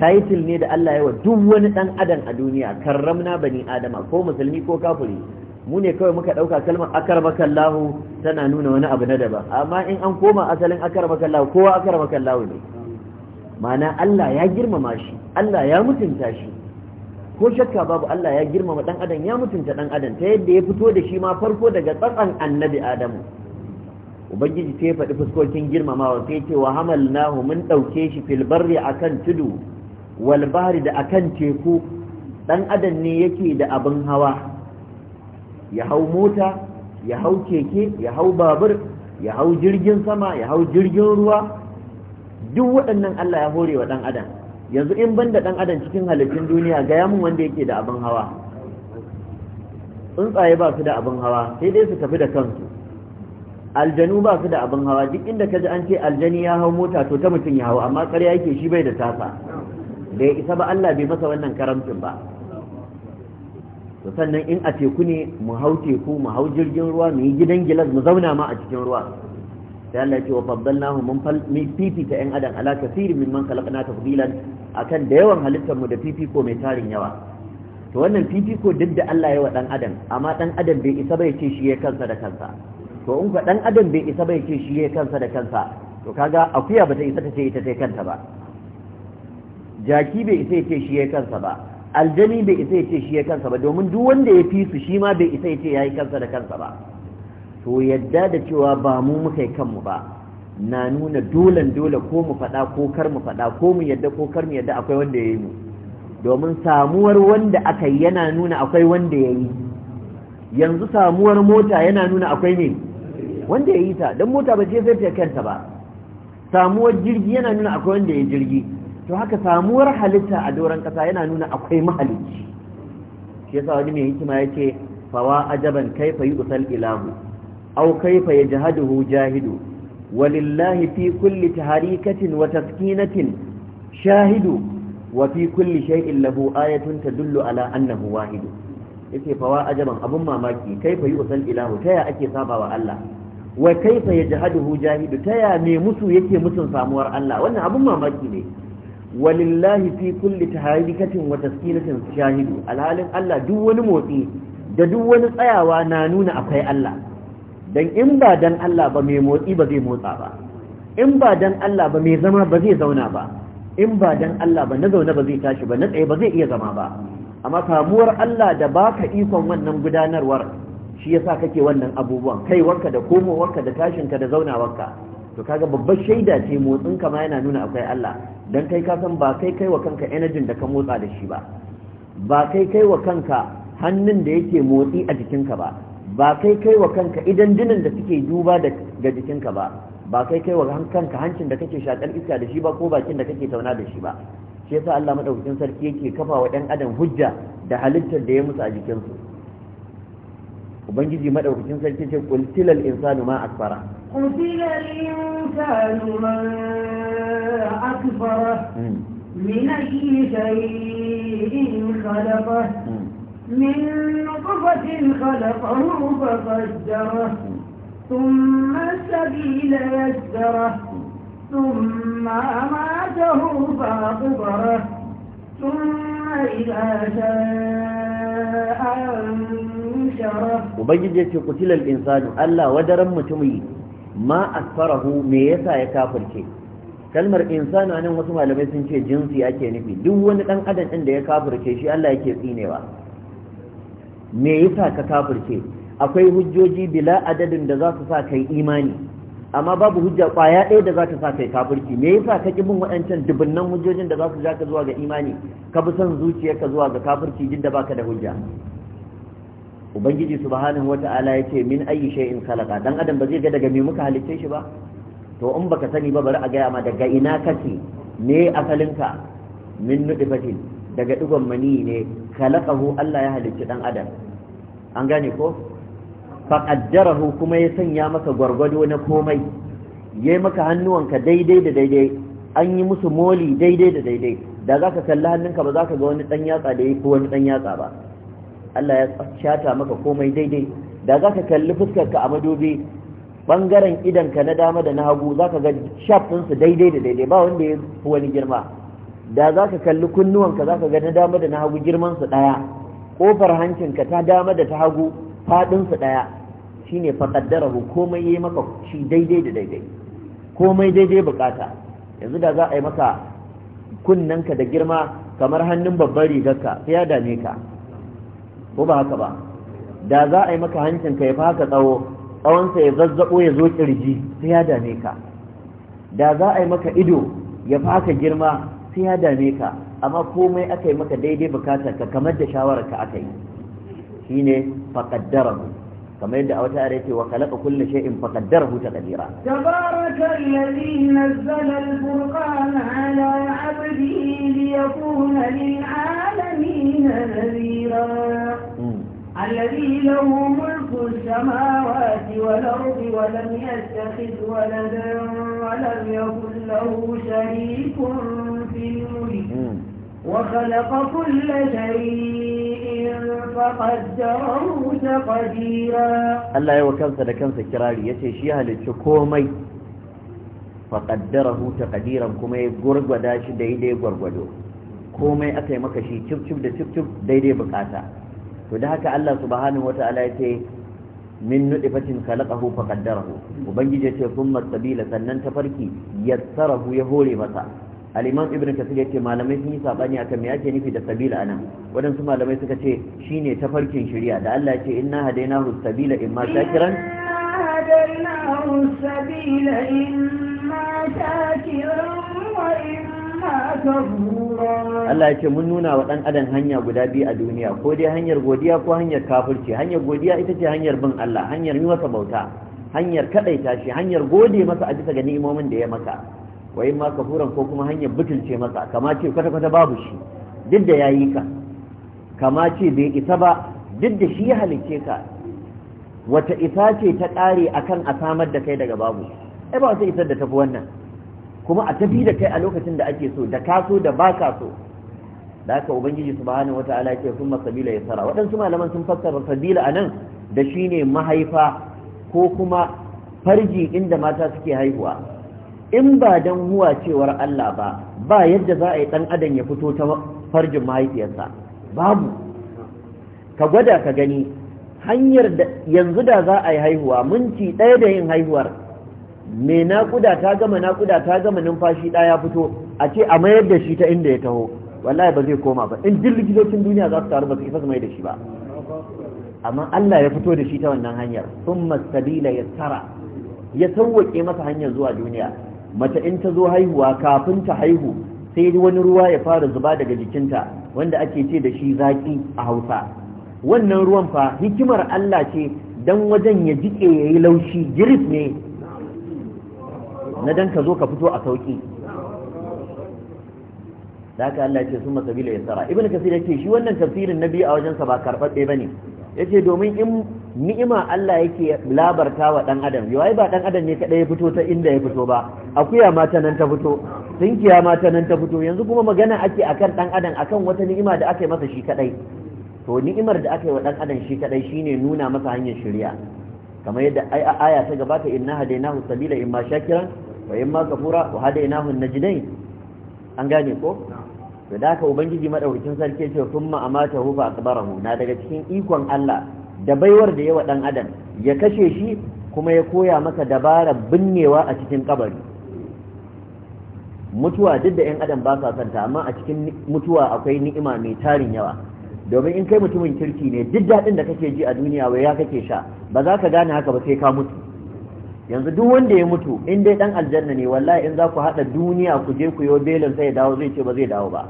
title ne da Allah ya wa duk wani dan adam a duniya karramna bani adama ko musulmi ko kafiri mu ne kawai muka dauka kalmar akarbakallahu tana nuna wani abu na daban amma in an koma asalin akarbakallahu kowa akarbakallahu ne ma'ana Allah ya girmama shi Allah ya mutunta shi ko shakka babu Allah ya girmama dan adam ya mutunta dan adam ta yadda ya fito da shi ma farko daga tsatsan annabi Adamu ubangiji sai ya faɗi fuskokin girmamawa sai ce wa hamalnahu mun ɗauke shi Filbarri barri akan tudu Walbari da akan teku dan adam ne yake da abin hawa ya hau mota ya hau keke ya hau babur ya hau jirgin sama ya hau jirgin ruwa duk waɗannan Allah ya horewa wa dan adam yanzu in banda dan adam cikin halittun duniya ga yamin wanda yake da abin hawa tsuntsaye ba su da abin hawa sai dai su tafi da kansu aljanu ba su da abin hawa duk inda ka ji an ce aljani ya hau mota to ta mutum ya hau amma ƙarya yake shi bai da tasa ya isa ba Allah bai masa wannan karamcin ba to sannan in a teku ne mu hau teku mu hau jirgin ruwa mu yi gidan gilas mu zauna ma a cikin ruwa sai Allah ce wa faddalnahu mun ta yan adam ala min man khalaqna tafdilan akan da yawan halittar mu da fifiko mai tarin yawa to wannan fifiko duk da Allah ya wa dan adam amma dan adam bai isa ya ce shi ya kansa da kansa to in ka dan adam bai isa ya ce shi ya kansa da kansa to kaga akuya ba ta isa ta ce ita ta kanta ba jaki bai isa ce shi ya kansa ba aljani bai isa ce shi ya kansa ba domin duk wanda ya fi su shi ma bai isa ya yi kansa da kansa ba to yadda da cewa ba mu muka yi kanmu ba na nuna dolan dole ko mu faɗa ko kar mu faɗa ko mu yadda ko kar mu yadda akwai wanda ya yi mu domin samuwar wanda aka yi yana nuna akwai wanda ya yi yanzu samuwar mota yana nuna akwai ne wanda ya yi ta don mota ba ce zai ta kanta ba samuwar jirgi yana nuna akwai wanda ya yi jirgi to haka samuwar halitta a doron ƙasa yana nuna akwai mahalicci shi yasa wani mai hikima yake ce fawa ajaban kaifa yi usal ilahu au kaifa ya jahidu walillahi fi kulli taharikatin wa taskinatin shahidu wa fi kulli shay'in lahu ayatun tadullu ala annahu wahidu yace fawa ajaban abun mamaki kaifa yi usal ilahu taya ake sabawa Allah wa kaifa ya jahidu taya me musu yake musun samuwar Allah wannan abun mamaki ne walillahi fi kulli taharikatin wa taskinatin shahidu alhalin Allah duk wani motsi da duk wani tsayawa na nuna akwai Allah dan in ba dan Allah ba mai motsi ba zai motsa ba in ba dan Allah ba mai zama ba zai zauna ba in ba dan Allah ba na zauna ba zai tashi ba na tsaye ba zai iya zama ba amma kamuwar Allah da baka ikon wannan gudanarwar shi yasa kake wannan abubuwan kaiwarka da komowarka da tashinka da zaunawarka to kaga babbar shaida ce motsin ka ma yana nuna akwai Allah dan kai ka san ba kai kai wa kanka energy da ka motsa da shi ba ba kai kai wa kanka hannun da yake motsi a jikinka ba ba kai kai wa kanka idan dinin da suke duba ga jikinka ba ba kai kai wa kanka hancin da kake shakar iska da shi ba ko bakin da kake tauna da shi ba shi yasa Allah madaukakin sarki yake kafa wa dan adam hujja da halittar da ya musu a jikin su ubangiji madaukakin sarki ce qul tilal insanu ma asfara قتل الإنسان ما أكبره من أي شيء خلقه من نطفة خلقه فقدره ثم السبيل يسره ثم أماته فأقبره ثم إذا شاء أنشره وبجد قتل الإنسان ألا ودرا متميز ma asfarahu me yasa ya kafirce kalmar insana nan wasu malamai sun ce jinsi ake nufi duk wani dan adam din da ya kafirce shi Allah yake tsinewa me yasa ka kafirce akwai hujjoji bila adadin da za su sa kai imani amma babu hujja kwaya ɗaya da za ta sa kai kafirci me yasa ka ki bin waɗancan dubunnan hujjojin da za su ja ka zuwa ga imani ka bi son zuciyarka zuwa ga kafirci duk da baka da hujja ubangiji subhanahu wata'ala yace min ayi shay'in khalaqa dan adam ba zai ga daga me muka halitta shi ba to in baka sani ba bari a gaya ma daga ina kake me ka min nutfatin daga digon mani ne khalaqahu Allah ya halicci dan adam an gane ko qaddarahu kuma ya sanya maka gwargwado na komai yay maka hannuwanka daidai da daidai an yi musu moli daidai da daidai da zaka kalli hannunka ba zaka ga wani dan yatsa da yayi ko wani dan yatsa ba Allah ya shata maka komai daidai da za ka kalli fuskarka a madobi bangaren idanka na dama da na hagu za ka ga shafinsu daidai da daidai ba wanda ya fi wani girma da za ka kalli kunnuwanka za ka ga na dama da na hagu girmansu ɗaya ƙofar hancinka ta dama da ta hagu faɗinsu ɗaya shi ne faƙaddarahu komai ya yi maka shi daidai da daidai komai daidai bukata yanzu da za a yi maka kunnanka da girma kamar hannun babbar rigarka sai ya dame ka ko ba haka ba da za a yi maka hancin ka ya haka tsawo tsawonsa ya zazzabo ya zo kirji sai ya dame ka da za a yi maka ido ya haka girma sai ya dame ka amma komai aka yi maka daidai bukatar ka kamar da shawarar ka aka yi shine faqaddarahu كما يدعى وتعالى وخلق كل شيء فقدره تقديرا تبارك الذي نزل الفرقان على عبده ليكون للعالمين نذيرا الذي له ملك السماوات والأرض ولم يتخذ ولدا ولم يكن له شريك في الملك وخلق كل شيء فقدره تقديرا الله يو كنسا دا كنسا كراري يتي شيها لتشكومي فقدره تقديرا كما يقرق وداش دايدي يقرق ودو komai aka yi maka shi cif-cif da cif-cif daidai bukata to da haka Allah subhanahu wata'ala ya ce min nudifatin khalaqahu fa qaddarahu ubangiji ce kuma sabila sannan tafarki yassarahu ya hore masa al-imam ibnu kasir yace malamai sun yi saɓani akan me yake nufi da sabila nan wadansu malamai suka ce shine tafarkin shari'a da Allah ya ce inna hadainahu sabila imma shakiran sabila Allah ya ce mun nuna wa dan adam hanya guda biyu a duniya ko dai hanyar godiya ko hanyar kafirci hanyar godiya ita ce hanyar bin Allah hanyar yi masa bauta hanyar kadaita shi hanyar gode masa a bisa ga ni'imomin da ya maka Wai in ma kafuran ko kuma hanyar butulce masa kama ce kwata kwata babu shi duk da yayi ka kama ce bai isa ba duk da shi ya halicce ka wata isa ce ta kare akan a samar da kai daga babu ai ba wata isar da tafi wannan kuma a tafi da kai a lokacin da ake so da kaso da ba ka so da haka ubangiji subhanahu wataala ce sun masabila ya sara waɗansu malaman sun fassara sabila a nan da shine mahaifa ko kuma farji inda mata suke haihuwa in ba dan huwa cewar Allah ba ba yadda za a yi dan adam ya fito ta farjin mahaifiyarsa babu ka gwada ka gani hanyar da yanzu da za a yi haihuwa minti ɗaya da yin haihuwar me naƙuda ta gama naƙuda ta gama numfashi ɗaya ya fito a ce a mayar da shi ta inda ya taho wallahi ba zai koma ba in duk likitocin duniya za su taru ba su isa su mai da shi ba amma Allah ya fito da shi ta wannan hanyar sun mastabila ya tara ya sauwaƙe masa hanyar zuwa duniya mace in ta zo haihuwa kafin ta haihu sai wani ruwa ya fara zuba daga jikinta wanda ake ce da shi zaki a hausa wannan ruwan fa hikimar Allah ce dan wajen ya jike yayi laushi girif ne na dan ka zo ka fito a sauki da haka Allah ce sun masabila ya tsara ibn kasir ya ce shi wannan tafsirin na biyu a wajensa ba karɓaɓɓe ba ne yace domin in ni'ima Allah yake labarta wa dan adam yawai ba dan adam ne kadai ya fito ta inda ya fito ba akuya ma ta nan ta fito tinkiya ma ta nan ta fito yanzu kuma magana ake akan dan adam akan wata ni'ima da aka yi masa shi kadai to ni'imar da aka yi wa dan adam shi kadai shine nuna masa hanyar shirya, kamar yadda aya ta gabata inna hadainahu sabila imma shakiran wa imma kafura wa hadainahu najdain an gane ko to da ubangiji madaukakin sarki ce sun ma'amata hufa akbarahu na daga cikin ikon Allah da baiwar da yawa dan adam ya kashe shi kuma ya koya maka dabarar binnewa a cikin kabari mutuwa duk da 'yan adam ba sa santa amma a cikin mutuwa akwai ni'ima mai tarin yawa domin in kai mutumin kirki ne duk daɗin da kake ji a duniya wai ya kake sha ba za ka gane haka ba sai ka mutu yanzu duk wanda ya mutu in dai dan aljanna ne wallahi in za ku haɗa duniya ku je ku yi belin sai ya dawo zai ce ba zai dawo ba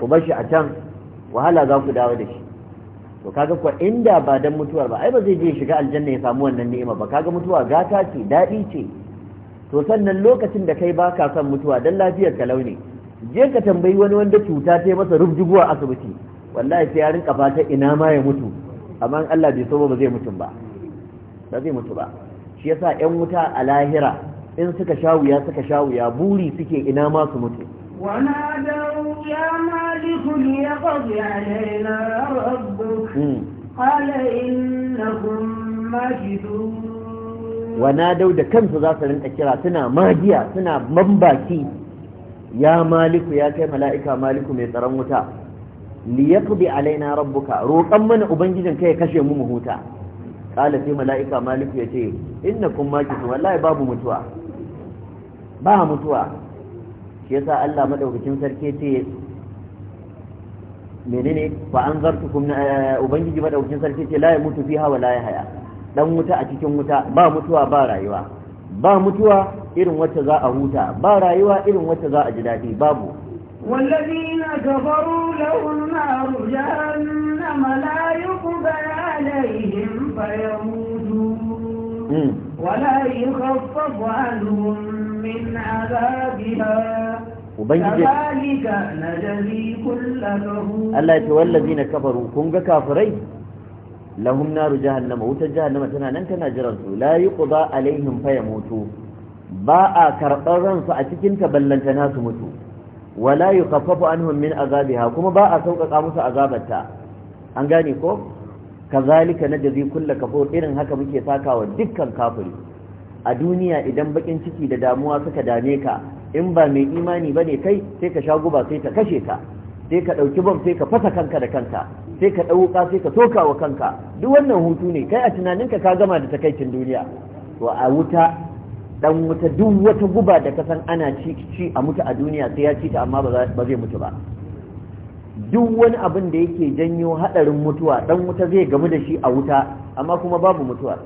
ku bar shi a can wahala za ku dawo da shi to kaga ko inda ba dan mutuwar ba ai ba zai je shiga aljanna ya samu wannan ni'ima ba kaga mutuwa gata ce daɗi ce to sannan lokacin da kai baka son mutuwa dan lafiyar ka launi je ka tambayi wani wanda cuta ta yi masa rubjuguwa asibiti wallahi sai ya rinka fata ina ma ya mutu amma Allah bai so ba zai mutu ba ba zai mutu ba shi yasa yan wuta a lahira in suka sha wuya suka sha buri suke ina ma su mutu ونادوا يا مالك ليقض علينا ربك قال إنكم ماجدون ونادوا da kansu za su rinka kira suna magiya suna mambaki ya maliku ya kai mala'ika maliku mai tsaron wuta liyaqdi alaina rabbuka roƙan mana ubangijin kai ya kashe mu mu huta kala sai mala'ika maliku yace innakum makithun wallahi babu mutuwa ba mutuwa shi yasa Allah madaukakin sarki ce menene fa an kum eh, ubangiji madaukakin sarki ce la yamutu fiha wa la yahya dan wuta a cikin wuta ba mutuwa ba rayuwa ba mutuwa irin wacce za a huta ba rayuwa irin wacce za a ji dadi babu والذين كفروا لهم نار جهنم لا يقبل عليهم فيموتون ولا يخفف عنهم من عذابها وبنجد نجزي كل كفور الله يقول الذين كفروا lahum naru jahannama wutar jahannama tana nan tana jiran su la yuqda faya fayamutu ba a karɓar ransu a cikin ta ballanta nasu mutu wala yukhaffafu anhum min azabiha kuma ba a sauƙaƙa musu azabarta an gane ko kazalika na jazi kulla kafur irin haka muke saka wa dukkan kafiri a duniya idan bakin ciki da damuwa suka dame ka in ba mai imani bane kai sai ka sha guba sai ta kashe ka sai ka dauki bom sai ka fasa kanka da kanka sai ka dauka sai ka soka wa kanka duk wannan hutu ne kai a tunaninka ka gama da takaicin duniya to a wuta dan wuta duk wata guba da ka san ana ci ci a mutu a duniya sai ya ci ta amma ba zai mutu ba duk wani abin da yake janyo hadarin mutuwa dan wuta zai gamu da shi a wuta amma kuma babu mutuwa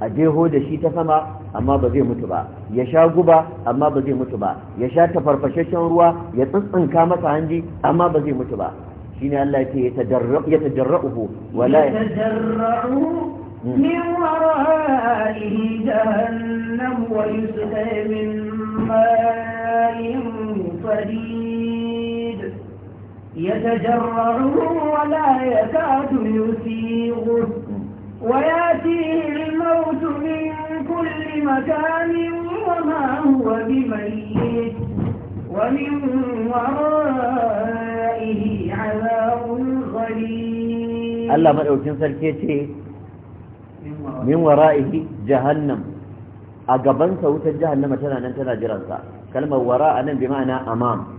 a jeho da shi ta sama amma ba zai mutu ba ya sha guba amma ba zai mutu ba ya sha tafarfashashen ruwa ya tsintsinka masa hanji amma ba zai mutu ba shine Allah yake ya tadarra'uhu wala ya tadarra'u hmm. min wara'ihi jahannam wa yusqa min ma'in يتجرعه ولا يكاد يسيغه وياتيه الموت من كل مكان وما هو بميت ومن ورائه عذاب غليظ الله مدوكين سلكيتي من ورائه جهنم a gabansa wutar jahannama tana nan tana jiransa kalmar أمام nan bi ma'ana amam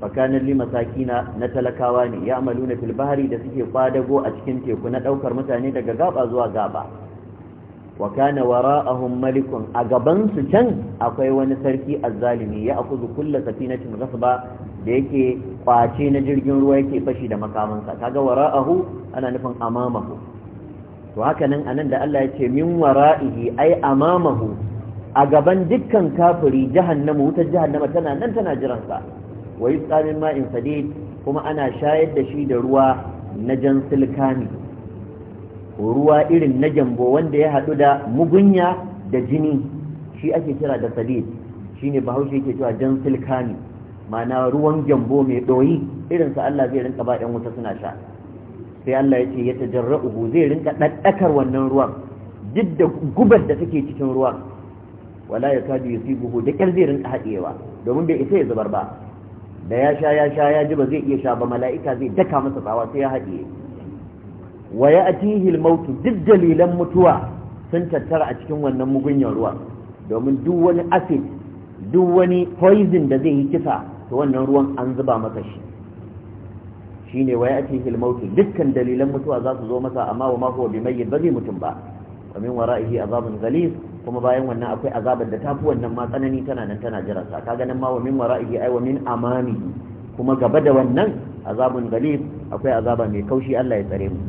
fakanan Limasaki sakina na talakawa ne ya amalu na filbahari da suke kwadago a cikin teku na ɗaukar mutane daga gaba zuwa gaba wa kana malikun a gabansu can akwai wani sarki zalimi, ya akuzu kullu safinatin ghasba da yake kwace na jirgin ruwa yake fashi da makamansa kaga wara'ahu ana nufin amamahu to haka nan nan da Allah ya ce min ihi ai amamahu a gaban dukkan kafiri jahannamu wutar jahannama tana nan tana jiransa wa yi tsamin ma'in sadid kuma ana shayar da shi da ruwa na jan silkani ruwa irin na jambo wanda ya haɗu da mugunya da jini shi ake kira da sadid shine bahaushe ke cewa jan silkani ma'ana ruwan jambo mai ɗoyi irinsa Allah zai rinka ba 'yan wuta suna sha sai Allah ya ce ya tajarra'uhu zai rinka ɗaɗɗakar wannan ruwan duk da gubar da take cikin ruwan wala ya kadu ya buhu da ƙyar zai rinka haɗewa domin bai isa ya zubar ba da ya sha ya sha ya ji ba zai iya sha ba mala'ika zai daka masa tsawa sai ya haɗiye wa ya atihil mautu duk dalilan mutuwa sun tattara a cikin wannan mugunyan ruwa domin duk wani acid duk wani poison da zai yi kisa to wannan ruwan an zuba masa shi shine wa ya atihil mautu dukkan dalilan mutuwa za su zo masa amma wa mako bi bimayyin ba zai mutum ba wa min wara'ihi azabun ghalis kuma bayan wannan akwai azabar da tafi wannan ma tsanani tana nan tana jiransa kaga ganin ma wa min wara'ihi ai wa min amami kuma gaba da wannan azabun galib akwai azaba mai kaushi Allah ya tsare mu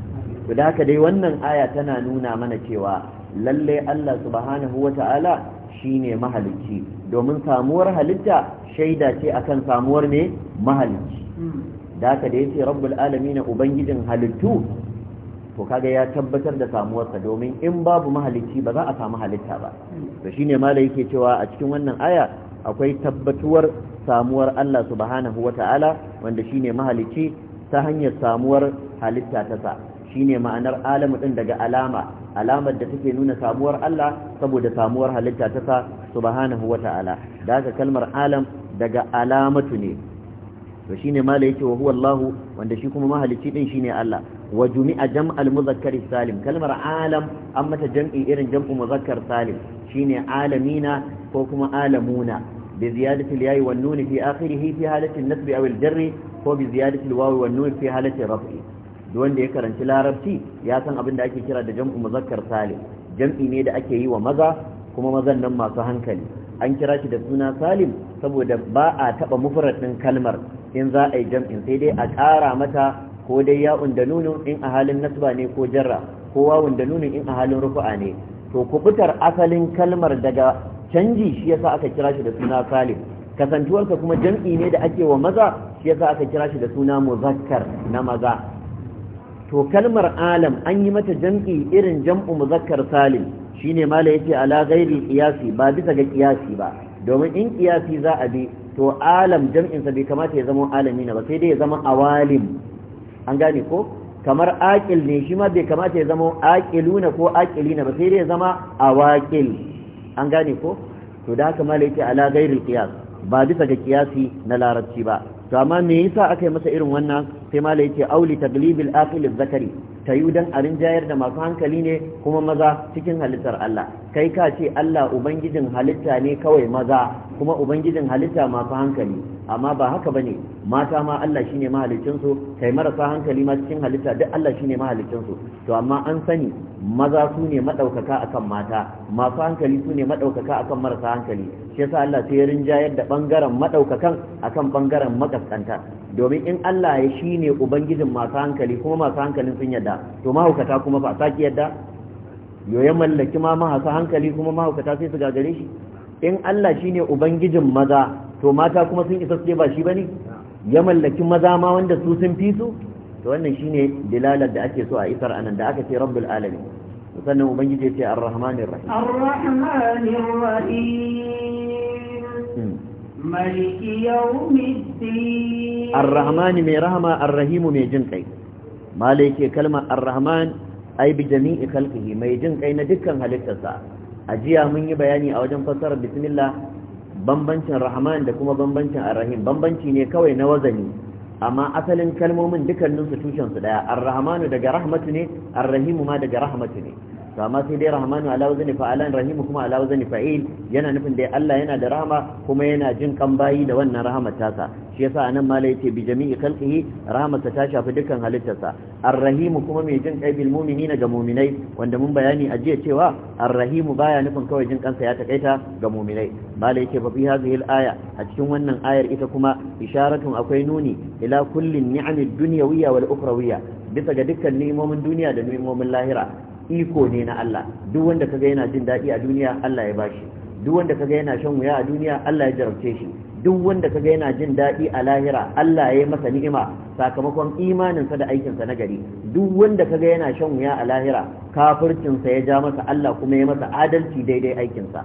to da haka dai wannan aya tana nuna mana cewa lalle Allah subhanahu wata'ala shine mahalicci domin samuwar halitta shaida ce akan samuwar ne mahalicci hmm. da haka da yace rabbul alamin ubangijin halittu to kaga ya tabbatar da samuwarsa domin in babu mahalicci ba za a samu halitta ba to shine malai yake cewa a cikin wannan aya akwai tabbatuwar samuwar Allah subhanahu wata'ala wanda shine mahalicci ta hanyar samuwar halitta ta sa shine ma'anar alamu din daga alama alamar da take nuna samuwar Allah saboda samuwar halitta ta sa subhanahu wata'ala daga kalmar alam daga alamatu ne to shine malai yake wa huwa Allah wanda shi kuma mahalicci din shine Allah wa jumi'a jam'al muzakkari salim kalmar alam an mata jam'i irin jam'u muzakkar salim shine alamina ko kuma alamuna bi ziyadati al-ya'i wan nun fi akhirih fi halati an-nasb aw al-jarr ko bi ziyadati al-wawi wan nun fi halati raf'i duk wanda ya karanci larabci ya san abin da ake kira da jam'u muzakkar salim jam'i ne da ake yi wa maza kuma mazan nan masu hankali an kira shi da suna salim saboda ba a taɓa mufuratin kalmar in za a yi jam'in sai dai a ƙara mata ko dai ya'un da nunin in a halin nasba ne ko jarra ko wawun da nunin in a halin rufu'a ne to kubutar asalin kalmar daga canji shi yasa aka kira shi da suna salim kasantuwarsa kuma jam'i ne da ake wa maza shi yasa aka kira shi da suna muzakkar na maza to kalmar alam an yi mata jam'i irin jam'u muzakkar salim shine mala yace ala ghairi qiyasi ba bisa ga qiyasi ba domin in qiyasi za a bi to alam jam'in sa bai kamata ya zama alami na ba sai dai ya zama awalim an gane ko kamar aqil ne shi ma bai kamata ya zama aqiluna ko aqilina ba sai dai ya zama awaqil an gane ko to da haka malai yake ala gairi qiyas ba bisa ga qiyasi na larabci ba to amma me yasa aka yi masa irin wannan sai malai ce auli taglibil aqil zakari tayu dan arin jayar da masu hankali ne kuma maza cikin halittar Allah kai ka ce Allah ubangijin halitta ne kawai maza kuma ubangijin halitta masu hankali amma ba haka bane mata ma Allah shine mahalicin su kai marasa hankali ma cikin halitta duk Allah shine mahalicin su to amma an sani maza su ne madaukaka akan mata masu hankali su ne madaukaka akan marasa hankali shi yasa Allah sai ya rinjayar da bangaren madaukakan akan bangaren makaskanta domin in Allah ya shine ubangijin masu hankali kuma masu hankalin sun yadda to mahaukata kuma ba saki yadda yoyon mallaki ma masu hankali kuma mahaukata sai su gagare shi in Allah shi ne ubangijin maza to mata kuma sun isa su ba shi bane ya mallaki maza ma wanda su sun fi su to wannan shi ne dilalar da ake so a isar anan da aka ce rabbul alamin sannan ubangiji ya ce arrahmanir rahim arrahmanir rahim hmm. maliki yawmiddin arrahman mai rahama arrahim mai jin kai malai ke kalmar arrahman ai bi jami'i khalqihi mai jin kai na dukkan halittarsa ajiya mun yi bayani a wajen fassarar bismillah bambancin rahman da kuma bambancin arrahim bambanci ne kawai na wazani amma asalin kalmomin dukkanin su tushen su daya arrahmanu daga rahmatu ne arrahimu ma daga rahmatu ne to amma sai dai rahmanu ala wazni fa'alan rahimu kuma ala wazni fa'il yana nufin dai Allah yana da rahama kuma yana jin kan bayi da wannan rahamar tasa shi yasa anan mala yace bi jami'i khalqihi rahamarsa ta shafi dukkan halittarsa ar-rahimu kuma mai jin kai bil mu'minina ga mu'minai wanda mun bayani a jiya cewa arrahimu rahimu baya nufin kawai jin kansa ya takaita ga mu'minai mala yace fa fi hadhihi al-aya a cikin wannan ayar ita kuma isharatun akwai nuni ila kullin ni'amid dunyawiyya wal ukhrawiyya bisa ga dukkan ni'imomin duniya da ni'imomin lahira iko ne na Allah duk wanda kaga yana jin daɗi a duniya Allah ya bashi duk wanda kaga yana shan wuya a duniya Allah ya jarabce shi duk wanda kaga yana jin daɗi a lahira Allah ya yi masa ni'ima sakamakon imaninsa da aikinsa na gari duk wanda kaga yana shan wuya a lahira kafircinsa ya ja masa Allah kuma ya masa adalci daidai aikinsa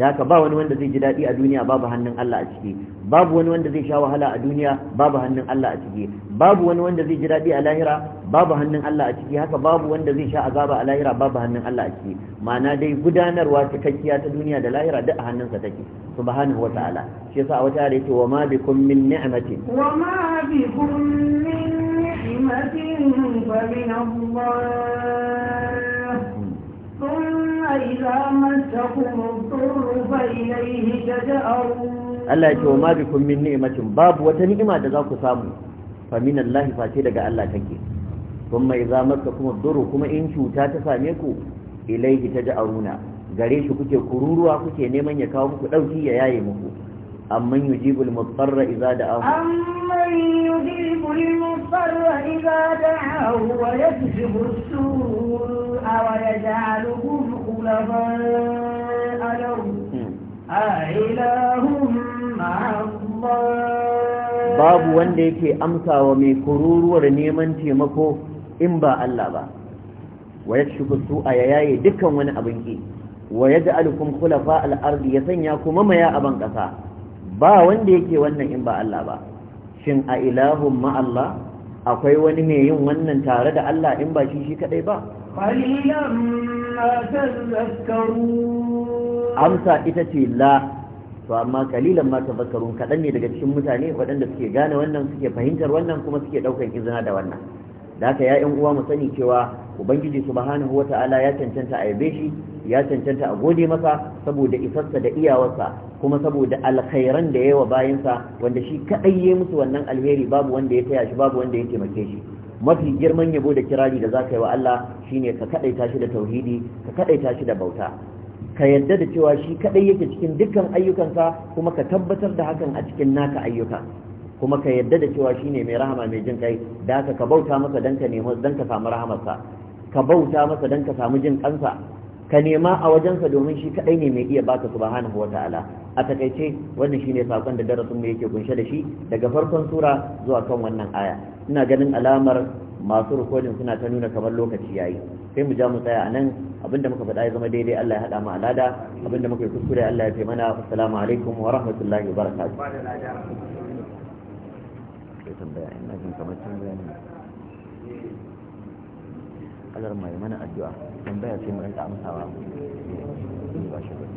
da haka ba wani wanda zai ji daɗi a duniya babu hannun Allah a ciki babu wani wanda zai sha wahala a duniya babu hannun Allah a ciki babu wani wanda zai ji daɗi a lahira babu hannun Allah a ciki haka babu wanda zai sha azaba a lahira babu hannun Allah a ciki ma'ana dai gudanarwa cikakkiya ta duniya da lahira duk a hannunsa take subhanahu wata'ala shi yasa a wata yare ce wa ma bikum min ni'matin wa ma bikum min ni'matin fa min Allah thumma idza massakum ad-durru fa ilayhi taj'arun Allah ya ce wa ma bikum min ni'matin babu wata ni'ima da za ku samu fa min Allah face daga Allah take thumma idza massakum kuma durru kuma in cuta ta same ku ilayhi taj'aruna gare shi kuke kururuwa kuke neman ya kawo muku dauki ya yaye muku amma yujibul mutarra idza da'ahu amma yujibul mutarra idza da'ahu wa yakshif as-su'a wa yaj'alukum khulafa'a al-ardh hmm. a'ilahum babu wanda yake amsawa mai kururuwar neman taimako in ba Allah ba wa yakshifu su'a ya yaye dukkan wani abin ki wa yaj'alukum khulafa al-ardi ya sanya kuma mamaya aban ƙasa. ba wanda yake wannan in ba Allah ba shin a ilahun ma Allah akwai wani mai yin wannan tare da Allah in ba shi shi kadai ba amsa ita ce la to amma kalilan ma tafakkarun kadan ne daga cikin mutane waɗanda suke gane wannan suke fahimtar wannan kuma suke ɗaukar izina da wannan da haka ya yan uwa mu sani cewa ubangiji subhanahu wata'ala ya cancanta a yabe shi ya cancanta a gode masa saboda isarsa da iyawarsa kuma saboda alkhairan da yawa bayansa wanda shi kadai ya musu wannan alheri babu wanda ya taya shi babu wanda ya taimake shi mafi girman yabo da kirari da zaka yi wa Allah shine ka kadaita shi da tauhidi ka kadaita shi da bauta ka yadda da cewa shi kaɗai yake cikin dukkan ayyukansa kuma ka tabbatar da hakan a cikin naka ayyuka kuma ka yadda da cewa shine mai rahama mai jin kai da haka ka bauta masa dan ka nemi dan ka samu rahamarsa ka bauta masa dan ka samu jin kansa ka nema a wajensa domin shi kadai ne mai iya baka subhanahu wataala a takaice wannan shine sakon da darasin mu yake kunshe da shi daga farkon sura zuwa kan wannan aya ina ganin alamar masu rikodin suna ta nuna kamar lokaci yayi sai mu ja mu tsaya anan abinda muka faɗa ya zama daidai Allah ya hada mu alada abinda muka yi kuskure Allah ya taimana assalamu alaikum wa rahmatullahi wa barakatuh tambaya ina jin kamar tambaya ne alar mai mana addu'a tambaya sai mu rinka amsawa